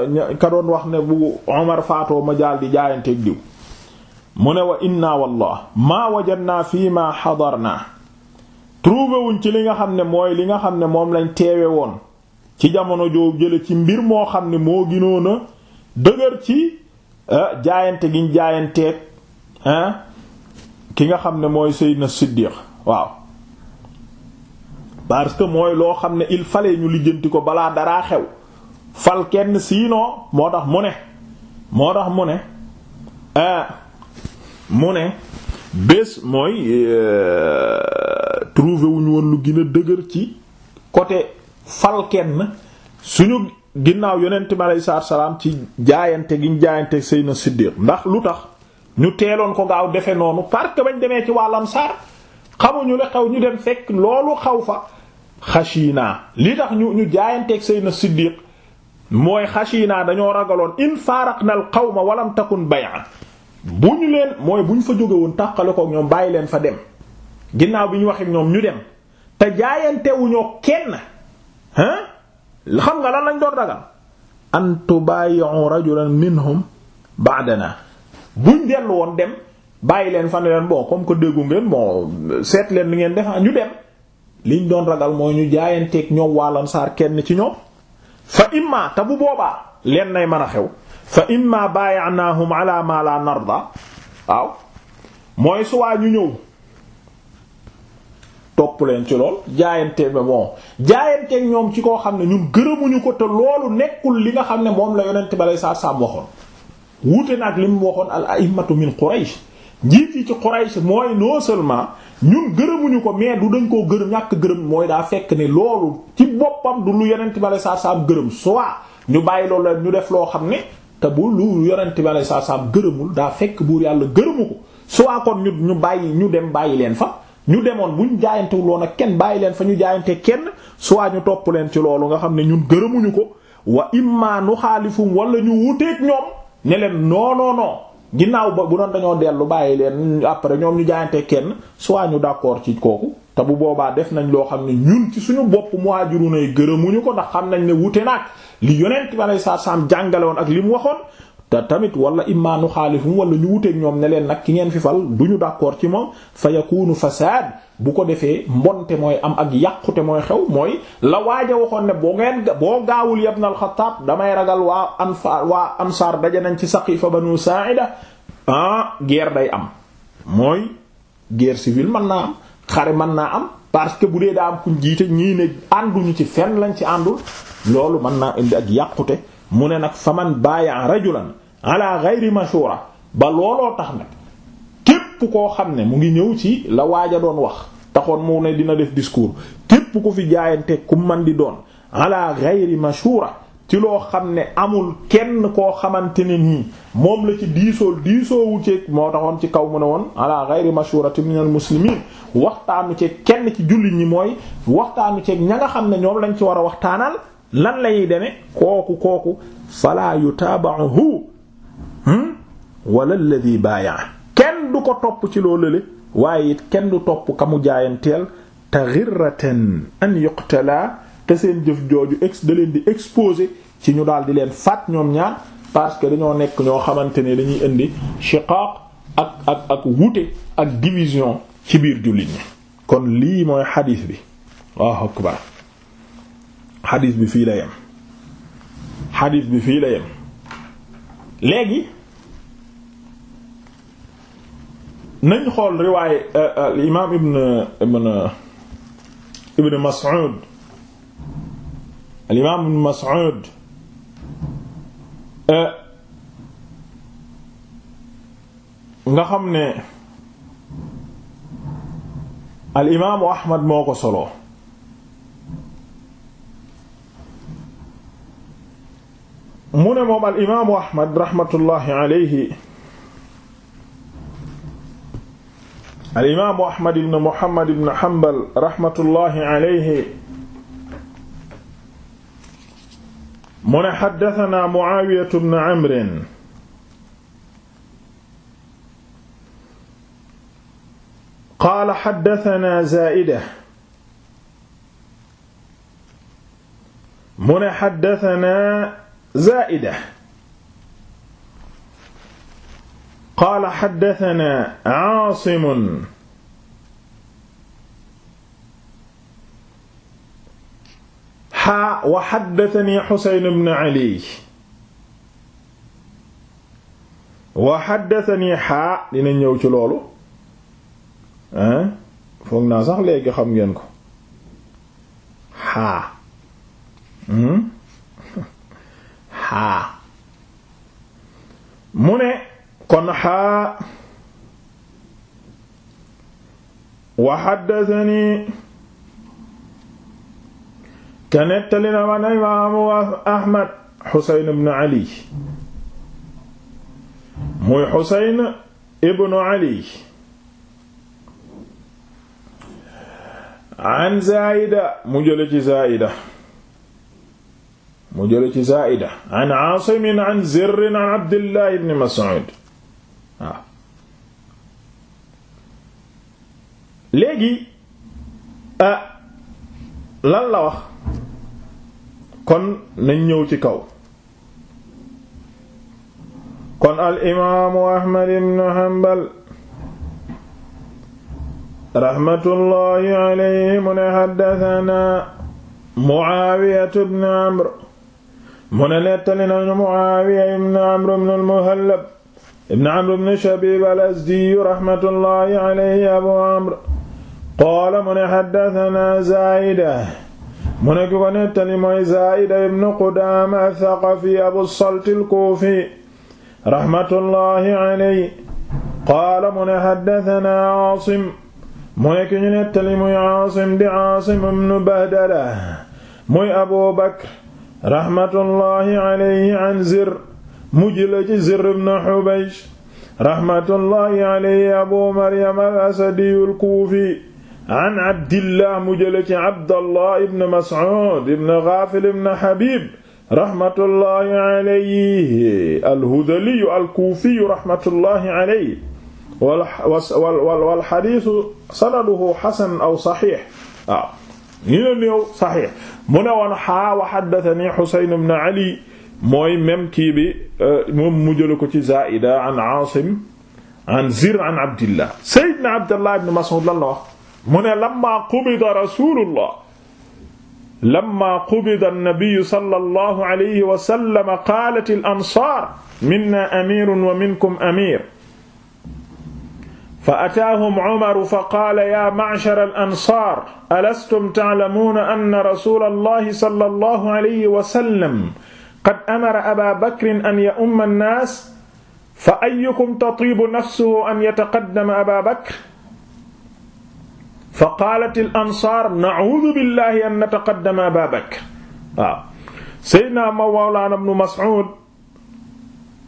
ña ka doon wax ne bu Omar faatoo ma jaal di jaayanteeg diw mu ne wa inna wallah maa wajadna fii ma xadarna trouvé wuñ ci li nga xam ne mooy li nga xam ne moom lañ teewe woon ci jamono joo jële ci mbir moo xam ne moo ginoon a dëgër ci euh, jaayante giñ jaayanteeg ki nga xam ne mooy Seydina Siddiq waaw parce que mooy loo xam ne il fallait ñu lijjanti ko balaa daraa xew fal kenn sinon moo tax mu ne moo tax mu ne ah, mu ne bés mooy euh, trouvé wuñu woon lu gën a dëgër ci côté fal kenn suñu ginnaaw yonent bi aleyhi salaatu salaam ci jaayante gi ñu jaayante Seydina Siddiq ndax lu tax ñu teeloon ko gaaw defe noonu parce que bañ demee ci wàllam sar xamuñu la xaw ñu dem fekk loolu xaw fa xashiinaa li tax ñu ñu jaayanteeg na Siddiq mooy xashiinaa dañoo ragaloon in faaraqna al qawma walam takun bay'a bu ñu leen mooy bu ñu fa jóge woon tàqale kook ñoom bàyyi leen fa dem ginnaaw bi ñu waxee ñoom ñu dem te jaayantewuñoo kenn hein xam nga la lañ doon ragal an tubayi'u rajulan minhum ba'dana buñ dellu woon dem bàyyi leen fa ne leen bon comme que déggu ngeen bon seet leen li ngeen def ñu dem liñ doon ragal mooy ñu jaayanteeg ñoom wàllan saar kenn ci ñoom fa imma te boobaa leen nay mën a xew fa imma baayaanahum ala ma la narda waaw mooy suwaa ñu ñëw topp leen ci lool jaayante ba bon ñoom ci koo xam ne ñun gërëmuñu ko te loolu nekkul li nga xam ne moom la yonent balay saar saam waxoon wuute nag li mu waxoon al a'immatu min quraish njiit yi ci Quraysh mooy non seulement ñun gërëmuñu ko mais du dañ koo gërëm ñàkk gërëm mooy daa fekk ne loolu ci boppam du lu yonent bi saa saam gërëm soit ñu bàyyi loolu ñu def loo xam ne te bu lu yonent bi saa saam gërëmul daa fekk buur yàlla gërëmu ko soit kon ñu ñu bàyyi ñu dem bàyyi leen fa ñu demoon buñ jaayantewul woon ak kenn bàyyi leen fa ñu jaayante kenn soit ñu topp leen ci loolu nga xam ne ñun gërëmuñu ko wa imma nu xaalifum wala ñu wuteeg ñoom ne leen non non ginnaaw ba bu doon dañoo dellu bàyyi leen après ñoom ñu jaayante kenn soit ñu d'accord ci kooku te bu boobaa def nañ loo xam ne ñun ci suñu bopp mu muhajiruna yi gërëmuñu ko ndax xam nañ ne wute naag li yonent bi alayhi salaam jàngale woon ak li mu waxoon te tamit wala imma nu xaalifum wala ñu wuteeg ñoom ne leen nag ki ngeen fi fal du ñu d'accord ci moom fa yakunu fasaad bu ko defee mbonte mooy am ak yàqute mooy xew mooy la waaja waxoon ne boo boo gaawul yabna al-Xattaab damay ragal waa anfaar waa ansaar daje nañ ci Saqiifa Banu Saa'ida ah guerre day am mooy guerre civile mën naa am xare mën naa am parce que bu dee daa am kuñ jiite ñii ne ànduñu ci fenn lañ ci àndul loolu mën naa indi ak yàqute mu ne nag faman baya rajulan ala ghayri mashura ba looloo tax nag képp koo xam ne mu ngi ñëw ci la waaj a doon wax taxoon mu ne dina def discours képp ku fi jaayante ku man di doon ala ghayri mashura ci loo xam ne amul kenn koo xamante ne nii moom la ci diisool diisoowu ceeg moo taxoon ci kaw mu ne woon ala ghayri mashurati minal muslimin waxtaanu ceeg kenn ci jullit ñi mooy waxtaanu ceeg ña nga xam ne ñoom lañ ci war a waxtaanal lan lañuy demee kooku kooku fala yutaba'uhu Hmm? wala alladhi baayaa kenn du ko topp ci loolu le waaye it kenn du topp ka mu jaayanteel te ghirratan an yuqtala te seen jëf jooju ex di exposé ci ñu daal di leen faat ñoom ñaar parce que dañoo nekk ñoo xamante ne dañuy indi shiqaq ak ak ak wuute ak division ci biir jullit ñi kon lii mooy xadiis bi waaw akbar xadiis bi fii la yem xadiis bi fii la yem léegi nañ xool riwaay al euh, euh, imaam ibn ibn ibn Mas'ud euh, nga xam ne al imaamu moo ko solo mu ne moom al imaamu ahmad rahmatullahi alayhi al imaamu ahmad ibn muhammad ibn hanbal rahmatullahi alayhi mu ne xaddatanaa muaawiyatu bnu amrin qaala xaddatanaa zaa'ida mu ne xaddatanaa zaa'ida qaala xaddatana Aasim xaa wa xaddatani Xuseyn ibn Ali wa xaddatani xaa dina ñëw ci loolu ah foog naa sax léegi xam ngeen ko xaa. Hmm? xaa mu ne kon xaa wa xaddatani te nettali na man imaamu ahmad xuseyn ibn ali muy xuseyn ibn ali an zaida mu jële ci zaida mu jële ci Zaa'ida an Aasim an Zirr an Abdullah ibn Mas'ud waaw léegi lan la wax kon nañ ñëw ci kaw kon al imaamu Ahmad ibn Hanbal rahmatullahi alayhi mu ne haddathana Muaawiyatu ibn Amr mu ne nettali nañu Muawiya ibn Amr ibn al-Muhallab ibn Amr ibn Shabib al-Azdi rahmatullahi alayhi Abu Amr qaala mu ne haddathana Zaida mu ne ki ko nettali mooy Zaida ibn Qudaama ath-Thaqafi Abu as-Salt al-Kufi rahmatullahi alayhi qaala mu ne haddathana Aasim mu ne ki ñu nettali mooy Aasim di Aasim ibn Bahdala mooy Abu Bakr raxmatullahi alayhi an zir mu jële ci zir ibn xubaysh raxmatullahi alayhi abu maryam al asadiyu al kuufi an abdillah mu jële ci abdallah ibn mas'ud ibn gaafil ibn habib raxmatullahi alayhi al hudaliyu al kuufiyu raxmatullahi alayhi wal xadiisu sanaduhu xasan aw saxiix waaw ah, ñu ne néew saxiix mu ne woon xaa wa xaddatani Xuseyn ibn Ali mooy même kii bi euh, moom mu jëlu ko ci Zaida an Aasim an Zir an Abdillah Seydina Abdallah ibn Mas'ud lan la wax mu ne lamma qubida rasulullah lamma qubida an-nabiy sallallahu alayhi wa sallam qaalat al-ansaar minna amiirun wa minkum amiir fa ataahum Umaru fa qaala yaa ma'shara al-ansaar alastum ta'lamuuna anna rasuulallaahi sallallahu alayhi wa sallam qad amara abaa bakrin an ya'umma an-naas fa ayyukum tatiibu nafsuhu an yataqaddama abaa bakr fa qaalat al-ansaar na'uudu billaahi an nataqaddama abaa bakr waaw Seydina Mawlaana Ibnu Mas'uud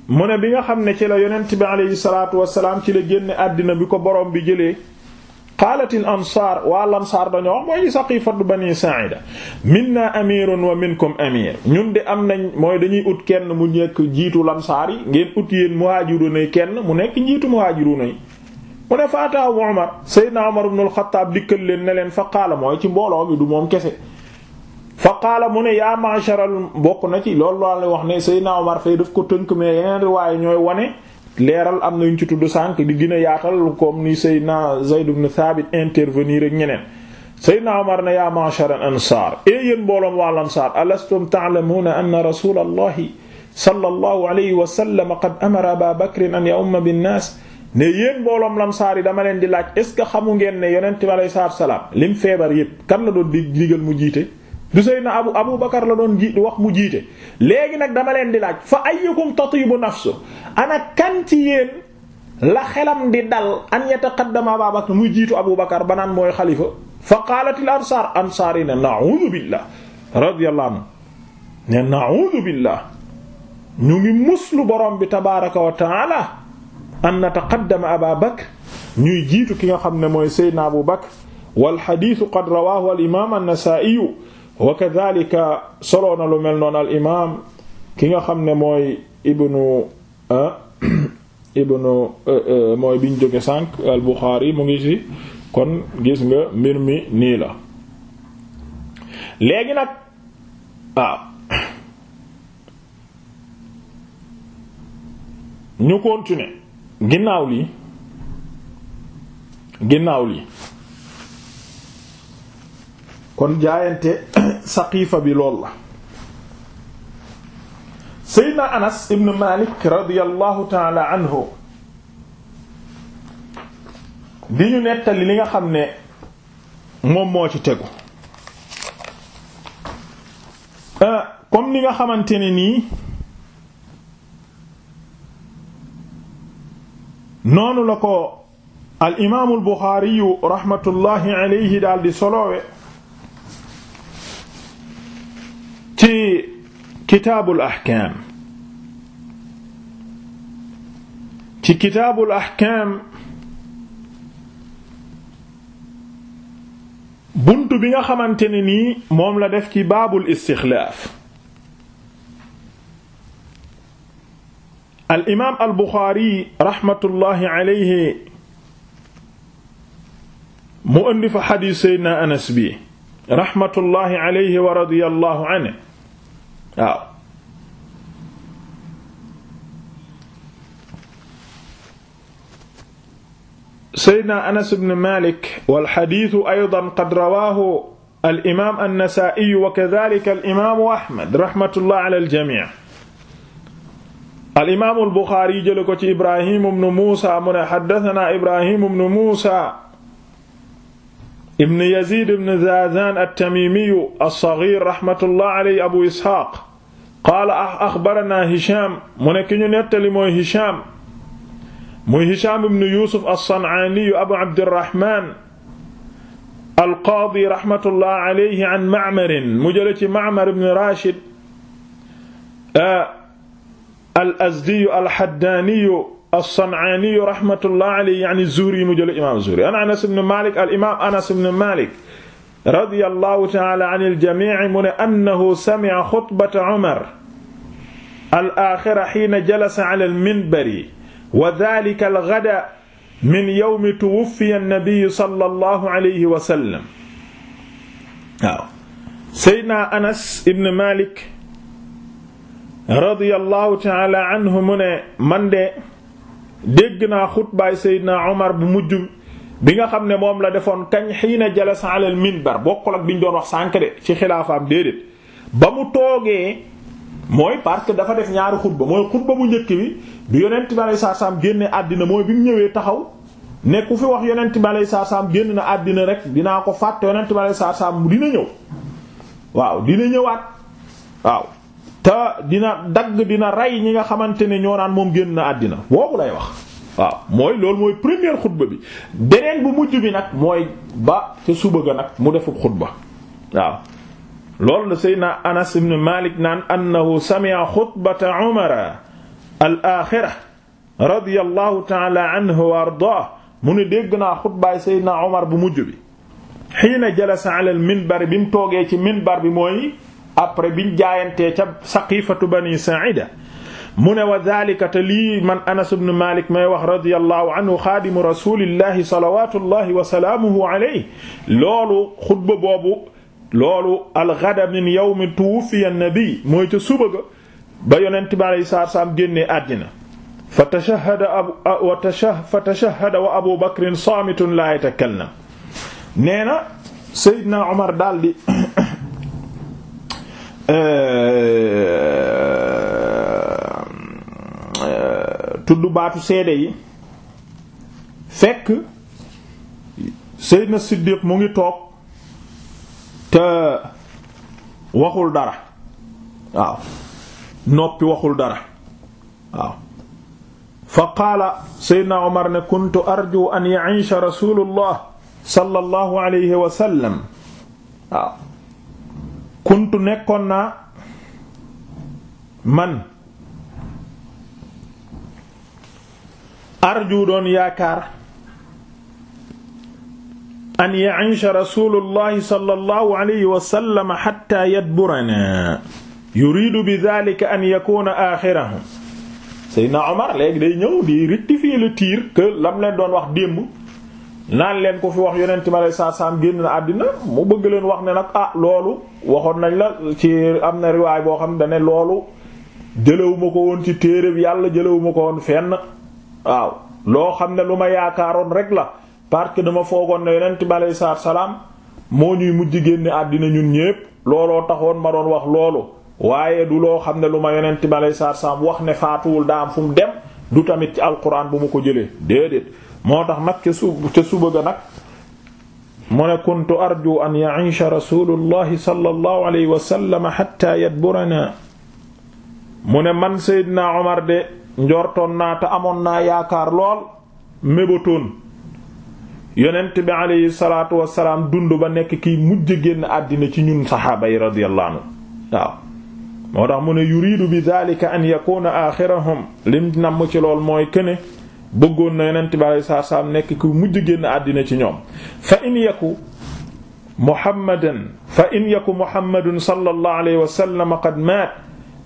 mu ne bi nga xam ne ci la yonent bi aleyhi salaatu salaam ci la génne àddina bi ko borom bi jëlee qaalatil ansaar waa lansaar dañoo wax mooy saqifatu bani sa'ida minna amirun wa minkum amir ñun de am nañ mooy dañuy ut kenn mu nekk njiitu lansaar yi ngeen ut yéen muhaajiruna yi kenn mu nekk njiitu muhaajiruna yi mu ne faataawu Umar Seydina Umar ibn al-Khattab dikkal leen ne leen fa qaala mooy ci mbooloo mi du moom kese fa qaala mu ne yaa ma'sharal bokk na ci loolu laa la wax ne Seydina Omar fay def ko tënk mais yeneen riwaay ñooy wane leeral am na ñu ci tudd sànq di gën a yaatal comme ni Seydina Zayd ibn Thabit intervenir ak ñeneen Seydina Omar ne yaa ma'sharal ansaar e eh, yéen mbooloom wal ansaar alastum ta'lamuuna anna rasulallahi sallallahu alayhi wa sallam qad amara Aba Bakrin an ya'umma binnaas ne yéen mbooloom lamsaar yi dama leen di laaj est ce que xamu ngeen ne yonent bi alayhi salaatu wa salaam lim feebar yépp kan la doon di digal mu jiite du Seydina Abu Abu Bakar la doon ji wax mu jiite léegi nag dama leen di laaj fa ayyukum tatibu nafsu ana kan ci yéen la xelam di dal an yataqaddama Abu Bakar muy jiitu Abu Bakar banaan mooy xalifa fa qaalat al ansaar ansaar yi ne na'uudu billah radiyallahu anhu ne na'uudu billah ñu ngi muslu borom bi tabaaraka wa ta'ala an nataqaddama Abu Bakar ñuy jiitu ki nga xam ne mooy Seydina Abu Bakar wal hadiisu qad rawaahu al imaam an-Nasaa'i wa kadhalika soloona lu mel noonu al imaam ki nga xam ne mooy ibnu ah, ibnu eh, eh, mooy biñ jóge sànq al Buxaari mu ngi ci kon gis nga mbir mi nii la léegi nag waaw ah, ñu continuer ginnaaw li ginnaaw lii kon jaayante saqiifa bi lool la seydna anas ibn malik radiallahu taala anhu di ñu nettali li nga xam ne moom moo ci tegu euh, comme li nga xamante ni nii noonu la ko al imaamu al buxaariyu rahmatullahi alayhi daal di soloowe ci kitaabul ahkaam ci kitaabul ahkaam bunt bi nga xamante ne nii moom la def ci baabul istixlaaf al imaam al buxaari raxmatullaahi aleyhi mu indi fa xadiis seydna anas bi raxmatullaahi aleyhi wa radiyallaahu anhu waaw seydna anas bn malik walxaditu aydan qad rawahu alimam annasaiyu wa kadalika alimamu ahmad rahmatullah ala aljamic alimamu albuxaari jële ko ci ibrahim bnu musa mu ne xadatana ibrahim bnu musa ibn yazid ibn zazan at-tamimiyu as-saghir rahmatullah alayhi abu isxaaq qaala axbarana ah, hisham mu ne ki ñu nettali mooy hisham muy hisham ibn yusuf as-san'aaniyu abu abdirrahman al-qaadi rahmatullah alayhi an ma'marin mu jële ci ma'mar ibn rashid ah, al-azdiyu al-haddaaniyu as-San'aani rahmatullahi alayhi an az-Zuhri mu jël imaam az-Zuhri an Anas ibn Malik al imaam Anas ibn Malik radiyallahu ta'ala an al-jamii' mu ne annahu sami'a xutbata Umar al-aaxira hiina jalasa ala al-minbari wa dhaalika al-ghadaa min yawmi tuwuffiya an-nabiyyu sallallahu alayhi wa sallam waaw Seydina Anas ibn Malik radiyallahu ta'ala anhu mu ne man de dégg naa xutbaay Seydina Omar bu mujj bi nga xam ne moom la defoon kañ xiina jalasa ala al minbar bokkul ak bi ñu doon wax sànq de ci xilaafaam déedéet ba mu toogee mooy parce que dafa def ñaari xutba mooy xutba bu njëkk bi du yonent bi alayhi salaam génne àddina mooy bi mu ñëwee taxaw ne ku fi wax yonent bi alayhi salaam génn na àddina rek dinaa ko fàtte yonent bi alayhi salaam dina ñëw waaw dina ñëwaat waaw ta dina dagg dina rey ñi nga xamante ne ñoo naan moom génn na àddina boobu lay wax waaw mooy lool mooy première xutba bi beneen bu mujj bi nag mooy ba ca suba ga nag mu defub xutba waaw loolu la seydna anas ibn malik naan annahu sami'a xutbata umara al axira radiyallahu ta'ala anhu wa ardah mu ne dégg naa xutbaay seydna umar bu mujj bi xiina jalasa ala al minbar bi mu toogee ci minbar bi mooy après biñ jaayantee ca saqifatu bani sa'ida mu ne wa dhalika te lii man anas ibn malik may wax radiyallahu anhu xaadimu rasulillahi salawatullahi wa salaamuhu alayhi loolu xutba boobu loolu algada min yawmi tuwuffiya an-nabi mooy ca suba ga ba yonent bi alayhi salaatu salaam génnee àddina fa tashahhada wa fa tashahhada wa abu bakrin saamitun laa yatakallam nee na Seydina Omar daldi Euh, euh, tudd baatu seede yi fekk Seydina Siddiq mu ngi toog te waxul dara waaw noppi waxul dara waaw fa qaala Seydina Omar ne kuntu arju an ya'isha rasulullah sallallahu alayhi wa sallam waaw nekkoon na man arju doon yaakaar an yaisha rasulullahi sallallahu alayhi wa sallam hatta yadburana yuridu bi dhalika an yakuna axirahu Seydina Omar léegi day ñëw di rectifier le tir que lam leen doon wax démb naan leen ko fi wax yonent ma lay saa saam génn na àddina mu bëgg leen wax ne nag ah loolu waxoon nañ la ci am na riwaay boo xam ne loolu jëlewuma ko woon ci téere bi yàlla jëlewuma ko woon fenn waaw loo xam ne lu ma yaakaaroon rek la parce dama foogoon ne yonent ma lay saa salaam moo ñuy mujj génn àddina ñun ñépp looloo taxoon ma doon wax loolu waaye du loo xam ne lu ma yonent ma lay saa saam wax ne faatuwul daa am fu dem du tamit ci alquran bu mu ko jëlee moo tax nag ca sub ca suba ga nag mu ne kuntu arju an ya'isha rasulullahi sallallahu alayhi wa sallam yadburana mu man Seydina Omar de njortoon naa te amoon naa yaakaar lool mébatoon yonent bi alayhi salaatu wasalaam dund ba nekk kiy mujj génn àddina ci ñun saxaaba yi radiyallahu anhu moo tax mu yuriidu bi daalika an yakuna aaxirahum lim namm ci lool mooy këne bëggoon na yonent bi alayhi salaatu salaam nekk ku mujj génn àddina ci ñoom fa in yaku muhammadan fa in yaku muhammadun sallallahu alayhi wa sallam qad maat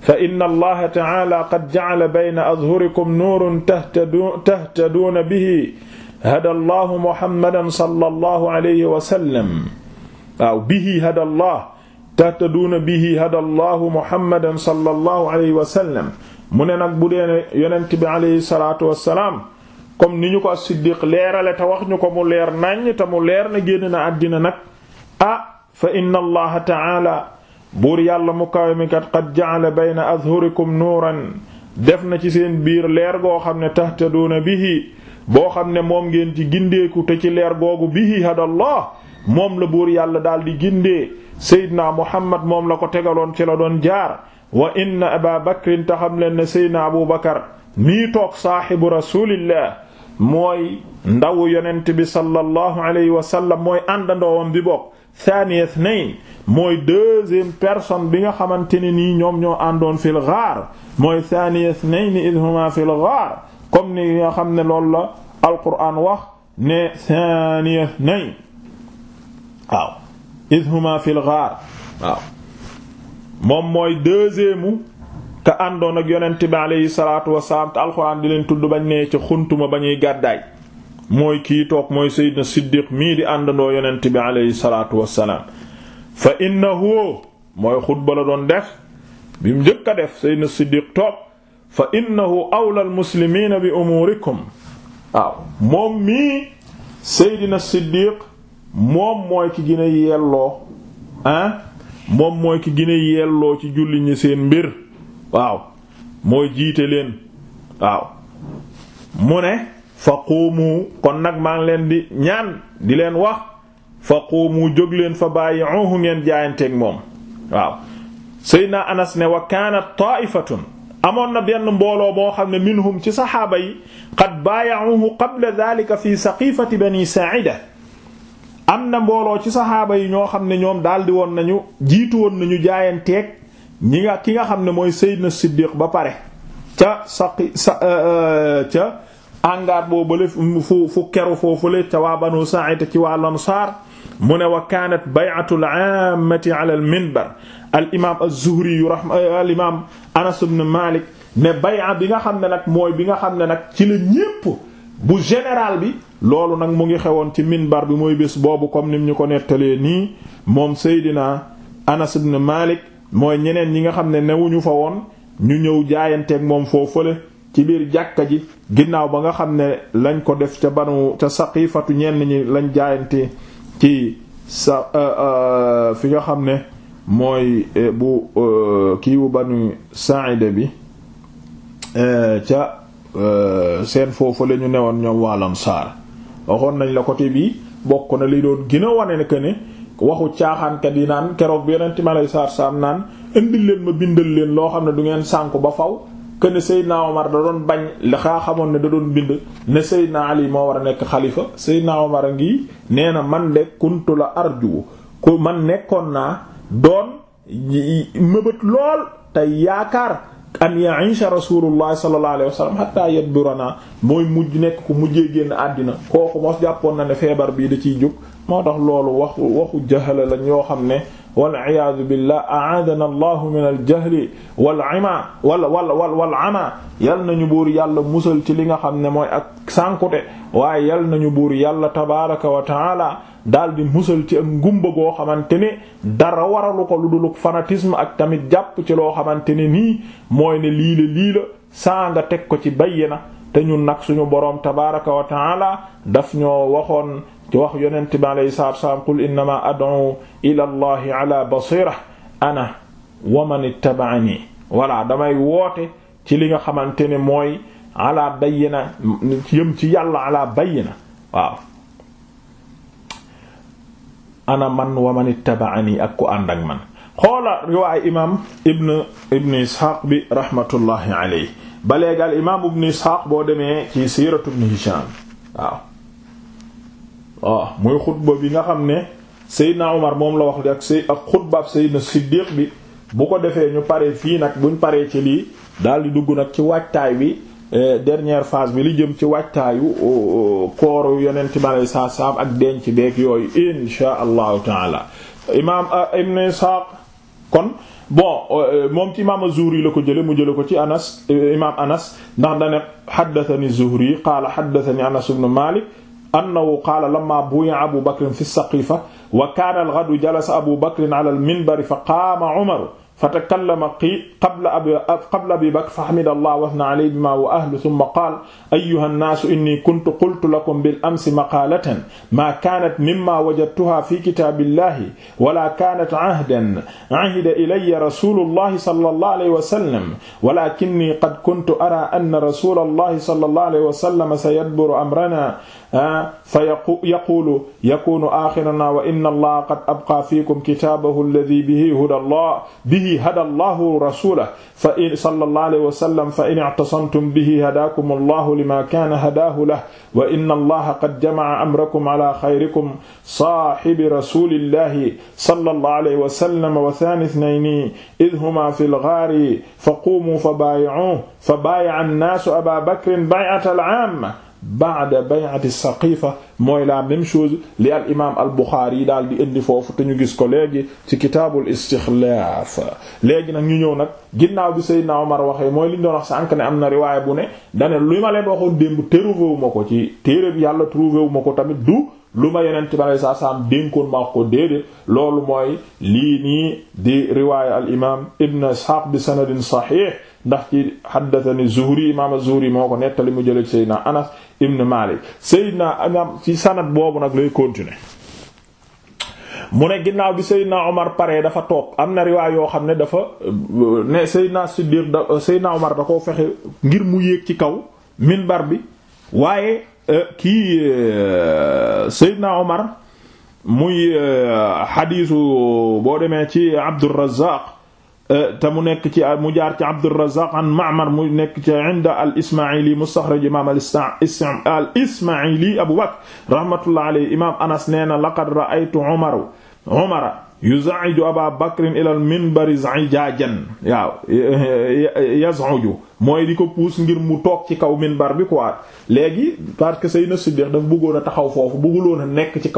fa inna allaha ta'ala qad ja'ala bayna adhurikum nuuran tahtaduuna bihi hada allahu muhammadan sallallahu alayhi wa sallam waaw bihi hada allah tahtaduuna bihi hada allahu muhammadan sallallahu alayhi wa sallam mu ne nag bu dee yonent bi alayhi salaatu wa salaam comme ni ñu ko as-Siddiq leerale ta wax ñu ko mu leer naññ te mu leer na génn na àddina nag ah fa inna allaha ta'ala buur yàlla mu kawe mi kat qad ja'ala bayna azhurikum nuuran def na ci seen biir leer goo xam ne tahtaduuna bihi boo xam ne moom ngeen ci gindeeku te ci leer googu bihi hadallah moom la buur yàlla daal di gindee Seydina Muhammad moom la ko tegaloon ci la doon jaar wa inna Aba Bakrin te xam leen ne Seydina Abu Bakar mii toog saahibu rasulillah mooy ndaw yonent bi sallallahu alayhi wa sallam mooy àndandoowam bi bokk thani ithnain mooy deuxième personne bi nga xamante ni nii ñoom ñoo àndoon fil ghaar mooy thani ithnain idhuma fil ghaar comme ni nga xam ne loolu la alquran wax ne thani ithnain waaw idhuma fil moom mooy deuxième te àndoon ak yonent bi aleyhi salaatu wasalaam te alxuraan di leen tudd bañ nee ca xuntuma ba ñuy gàddaay mooy kii toog mooy seydina siddiq mii di àndandoo yonent bi aleyhi salaatu wasalaam fa innahu mooy xutba doon def bi mu njëkk a def seydina siddiq toog fa innahu awla al bi umuurikum moom mii seydina siddiq moom mooy ki gën a yelloo ah moom mooy ki gën a yelloo ci julli ñi seen mbir waaw mooy jiite leen waaw mu ne fa quumu kon nag maa ngi leen di ñaan di leen wax fa quumu jóg leen fa bàyyi'uhu ngeen jaayanteeg moom waaw Seydina Anas ne wa kaanat taa'ifatun amoon na benn mbooloo boo xam ne minhum ci saxaaba yi qad baayacuhu qabla dalika fi saqifati bani saacida am na mbooloo ci saxaaba yi ñoo xam ne ñoom daldi woon nañu jiitu woon nañu jaayanteeg ñi nga ki nga xam ne mooy Seydina Siddiq ba pare ca saqi sa euh, euh, ca angaar boo bale ca waa banu Sa'id ci waa Ansaar mu ne wa kaanat bay'atul 'aamati 'ala al-minbar al-imaam az-Zuhri euh, al-imaam Anas ibn Malik ne bay'a bi nga xam ne nag mooy bi nga xam ne nag ci la ñépp bu général bi loolu nag mu ngi xewoon ci minbar bi mooy bés boobu comme nim ñu ko nettalee nii moom Seydina Anas ibn Malik mooy ñeneen ñi nga xam ne newuñu fa woon ñu ñëw jaayanteek moom foofale ci biir jàkka ji ginnaaw ba nga xam ne lañ ko def ca banu ca saqifatu ñenn ñi lañ jaayante ci sa euh, euh, fi nga xam ne mooy euh, bu kiiwu banu saida bi ca seen foofu la ñu newoon ñoom waa Ansaar waxoon nañ la côté bi bokk na li doon gën a ne waxu caaxaankat yi naan keroog bi yonent mi alayhi salaatu salaam naan indil leen ma bindal leen loo xam ne du ngeen sànku ba faw que ne Seydina Omar da doon bañ xaa xamoon ne da doon bind ne Seydina Ali moo war a nekk xalifa naa Omar a ngi nee na man de kuntu la arju ko man nekkoon naa doon mëbët lool tey yaakaar an ya'isha rasulullah sallallahu alayhi wa sallam hatta yadburana mooy mujj nekk ku mujjee génn àddina kooku mos jàppoon na ne feebar bii da ciy jóg moo tax loolu waxu waxu la ñoo xam ne wal iyaadu billah a'aadana allahu min al jahli wal ima wal wal wal wal ama nañu buur yàlla musal ci li nga xam ne mooy ak sànkute waaye yal nañu buur yàlla tabaraka wa taala daal di musal ci ak ngumba goo xamante ne dara waralu ko lu dul fanatisme ak tamit jàpp ci loo xamante ne nii mooy ne lii liila saanga la teg ko ci bayyana te ñun nag suñu boroom tabaraka wa taala daf ñoo waxoon ci wax yonent bi alayhi salaatu wa salaam qul innama ad'u ila allahi basira ana wa man ittaba'ani walla damay woote ci li nga xamante ne mooy ala bayyina ci yàlla ala bayyina waaw ana man wa man ittaba'ani ak ku man xoola riwaay imam ibn ibn bi rahmatullahi alayhi ba al imam ibn isxaaq boo demee ci siiratu ibn hisham waaw ah, muy xutba bi nga xam ne Seydina Omar moom la wax li ak say ak xutbaab Seydina Siddiq bi bu ko defee ñu paree fii nag buñ paree ci lii daal di dugg nag ci waajtaay bi eh, dernière phase bi li jëm ci waajtaayu kooru yonent mi alay saa saam ak denc beeg yooyu insha allahu taala imaam eh, ibn Isaaq kon bon eh, moom ci imaam az-Zuhri la ko jële mu jële ko ci Anas imaam Anas ndax dane xaddatani az-Zuhri qaala xaddatani Anas ibn Maalik annahu qaala lamma buyi'a abu bakrin fi saqiifa wa kaana al-ghadu jalasa abu bakrin ala al-minbari fa qaama umaru fatakallama qabla abi qabla abi bakr fa hamida allah wa athna alayhi bima wa ahlu thumma qaala ayyuha an-naasu inni kuntu qultu lakum bil amsi maqaalatan maa kaanat mimma wajadtuhaa fi kitaabillahi wala kaanat ahdan ahida ilayya rasuulullahi sallallahu alayhi wa sallam walaakinni qad kuntu araa anna rasuulallahi sallallahu alayhi wa sallam sayadburu amranaa fa yaquulu yakuunu aaxiranaa wa inna allaha qad abqaa fiikum kitaabahu alladhii bihi hudaa allah bihi hada allahu rasulahu fa in sallallahu alayhi wa sallam fa in i'tasamtum bihi hadakum allahu lima kana hadahu lahu wa inna allaha qad jama'a amrakum ala khayrikum sahibi rasulillahi sallallahu alayhi wa sallam wa thani ithnayni idh huma fil ghari faqumu fabayi'uhu fabayi'a an-nasu aba bakrin bay'ata al-'amma ba'da bay'ati as-saqifa mooy la même chose li al imaam al Buxaari yi daal di indi foofu te ñu gis ko léegi ci kitaabul istixlaaf léegi nag ñu ñëw nag ginnaaw bi Seydina Omar waxee mooy li ñu doon wax sànq ne am na riwaay bu ne dane lu ma leen waxoon démb trouvé wu ma ko ci téere bi yàlla trouvé wu ma ko tamit du lu ma yeneen tibalay sa saam dénkoon ma ko déedéet loolu mooy lii nii di riwaaya al imaam ibn Isxaaq bi sanadin saxiix ndax ci haddathani Zuhri imaam az-Zuhri moo ko nettali mu jëlee Seydina Anas ibn Malik Seydina am ci sanad boobu nag lay continuer mu ne ginnaaw bi Seydina Omar pare dafa toog am na riwaay yoo xam ne dafa ne Seydina Siddiq da Seydina Omar da koo fexe ngir mu yéeg ci kaw minbar bi waaye euh, kii euh, Seydina Omar muy xadiisu euh, boo demee ci Abdurrazzaq Euh, te mu nekk ci mu jaar ci Abdurrazzaq an Ma'mar mu nekk ci inda al Ismaa'ili mustaxraj imaam al Ismaa'ili Abu Bakr rahmatullahi alayhi imaam Anas nee na laqad ra'aytu Umar Umar yuzaiju aba bakrin ilal minbari zijaajan waaw yazuju mooy di ko puus ngir mu toog ci kaw minbar bi quoi léegi parce que Seydina Siddiq dafa bëggoon a taxaw foofu bëgguloon a nekk ci kaw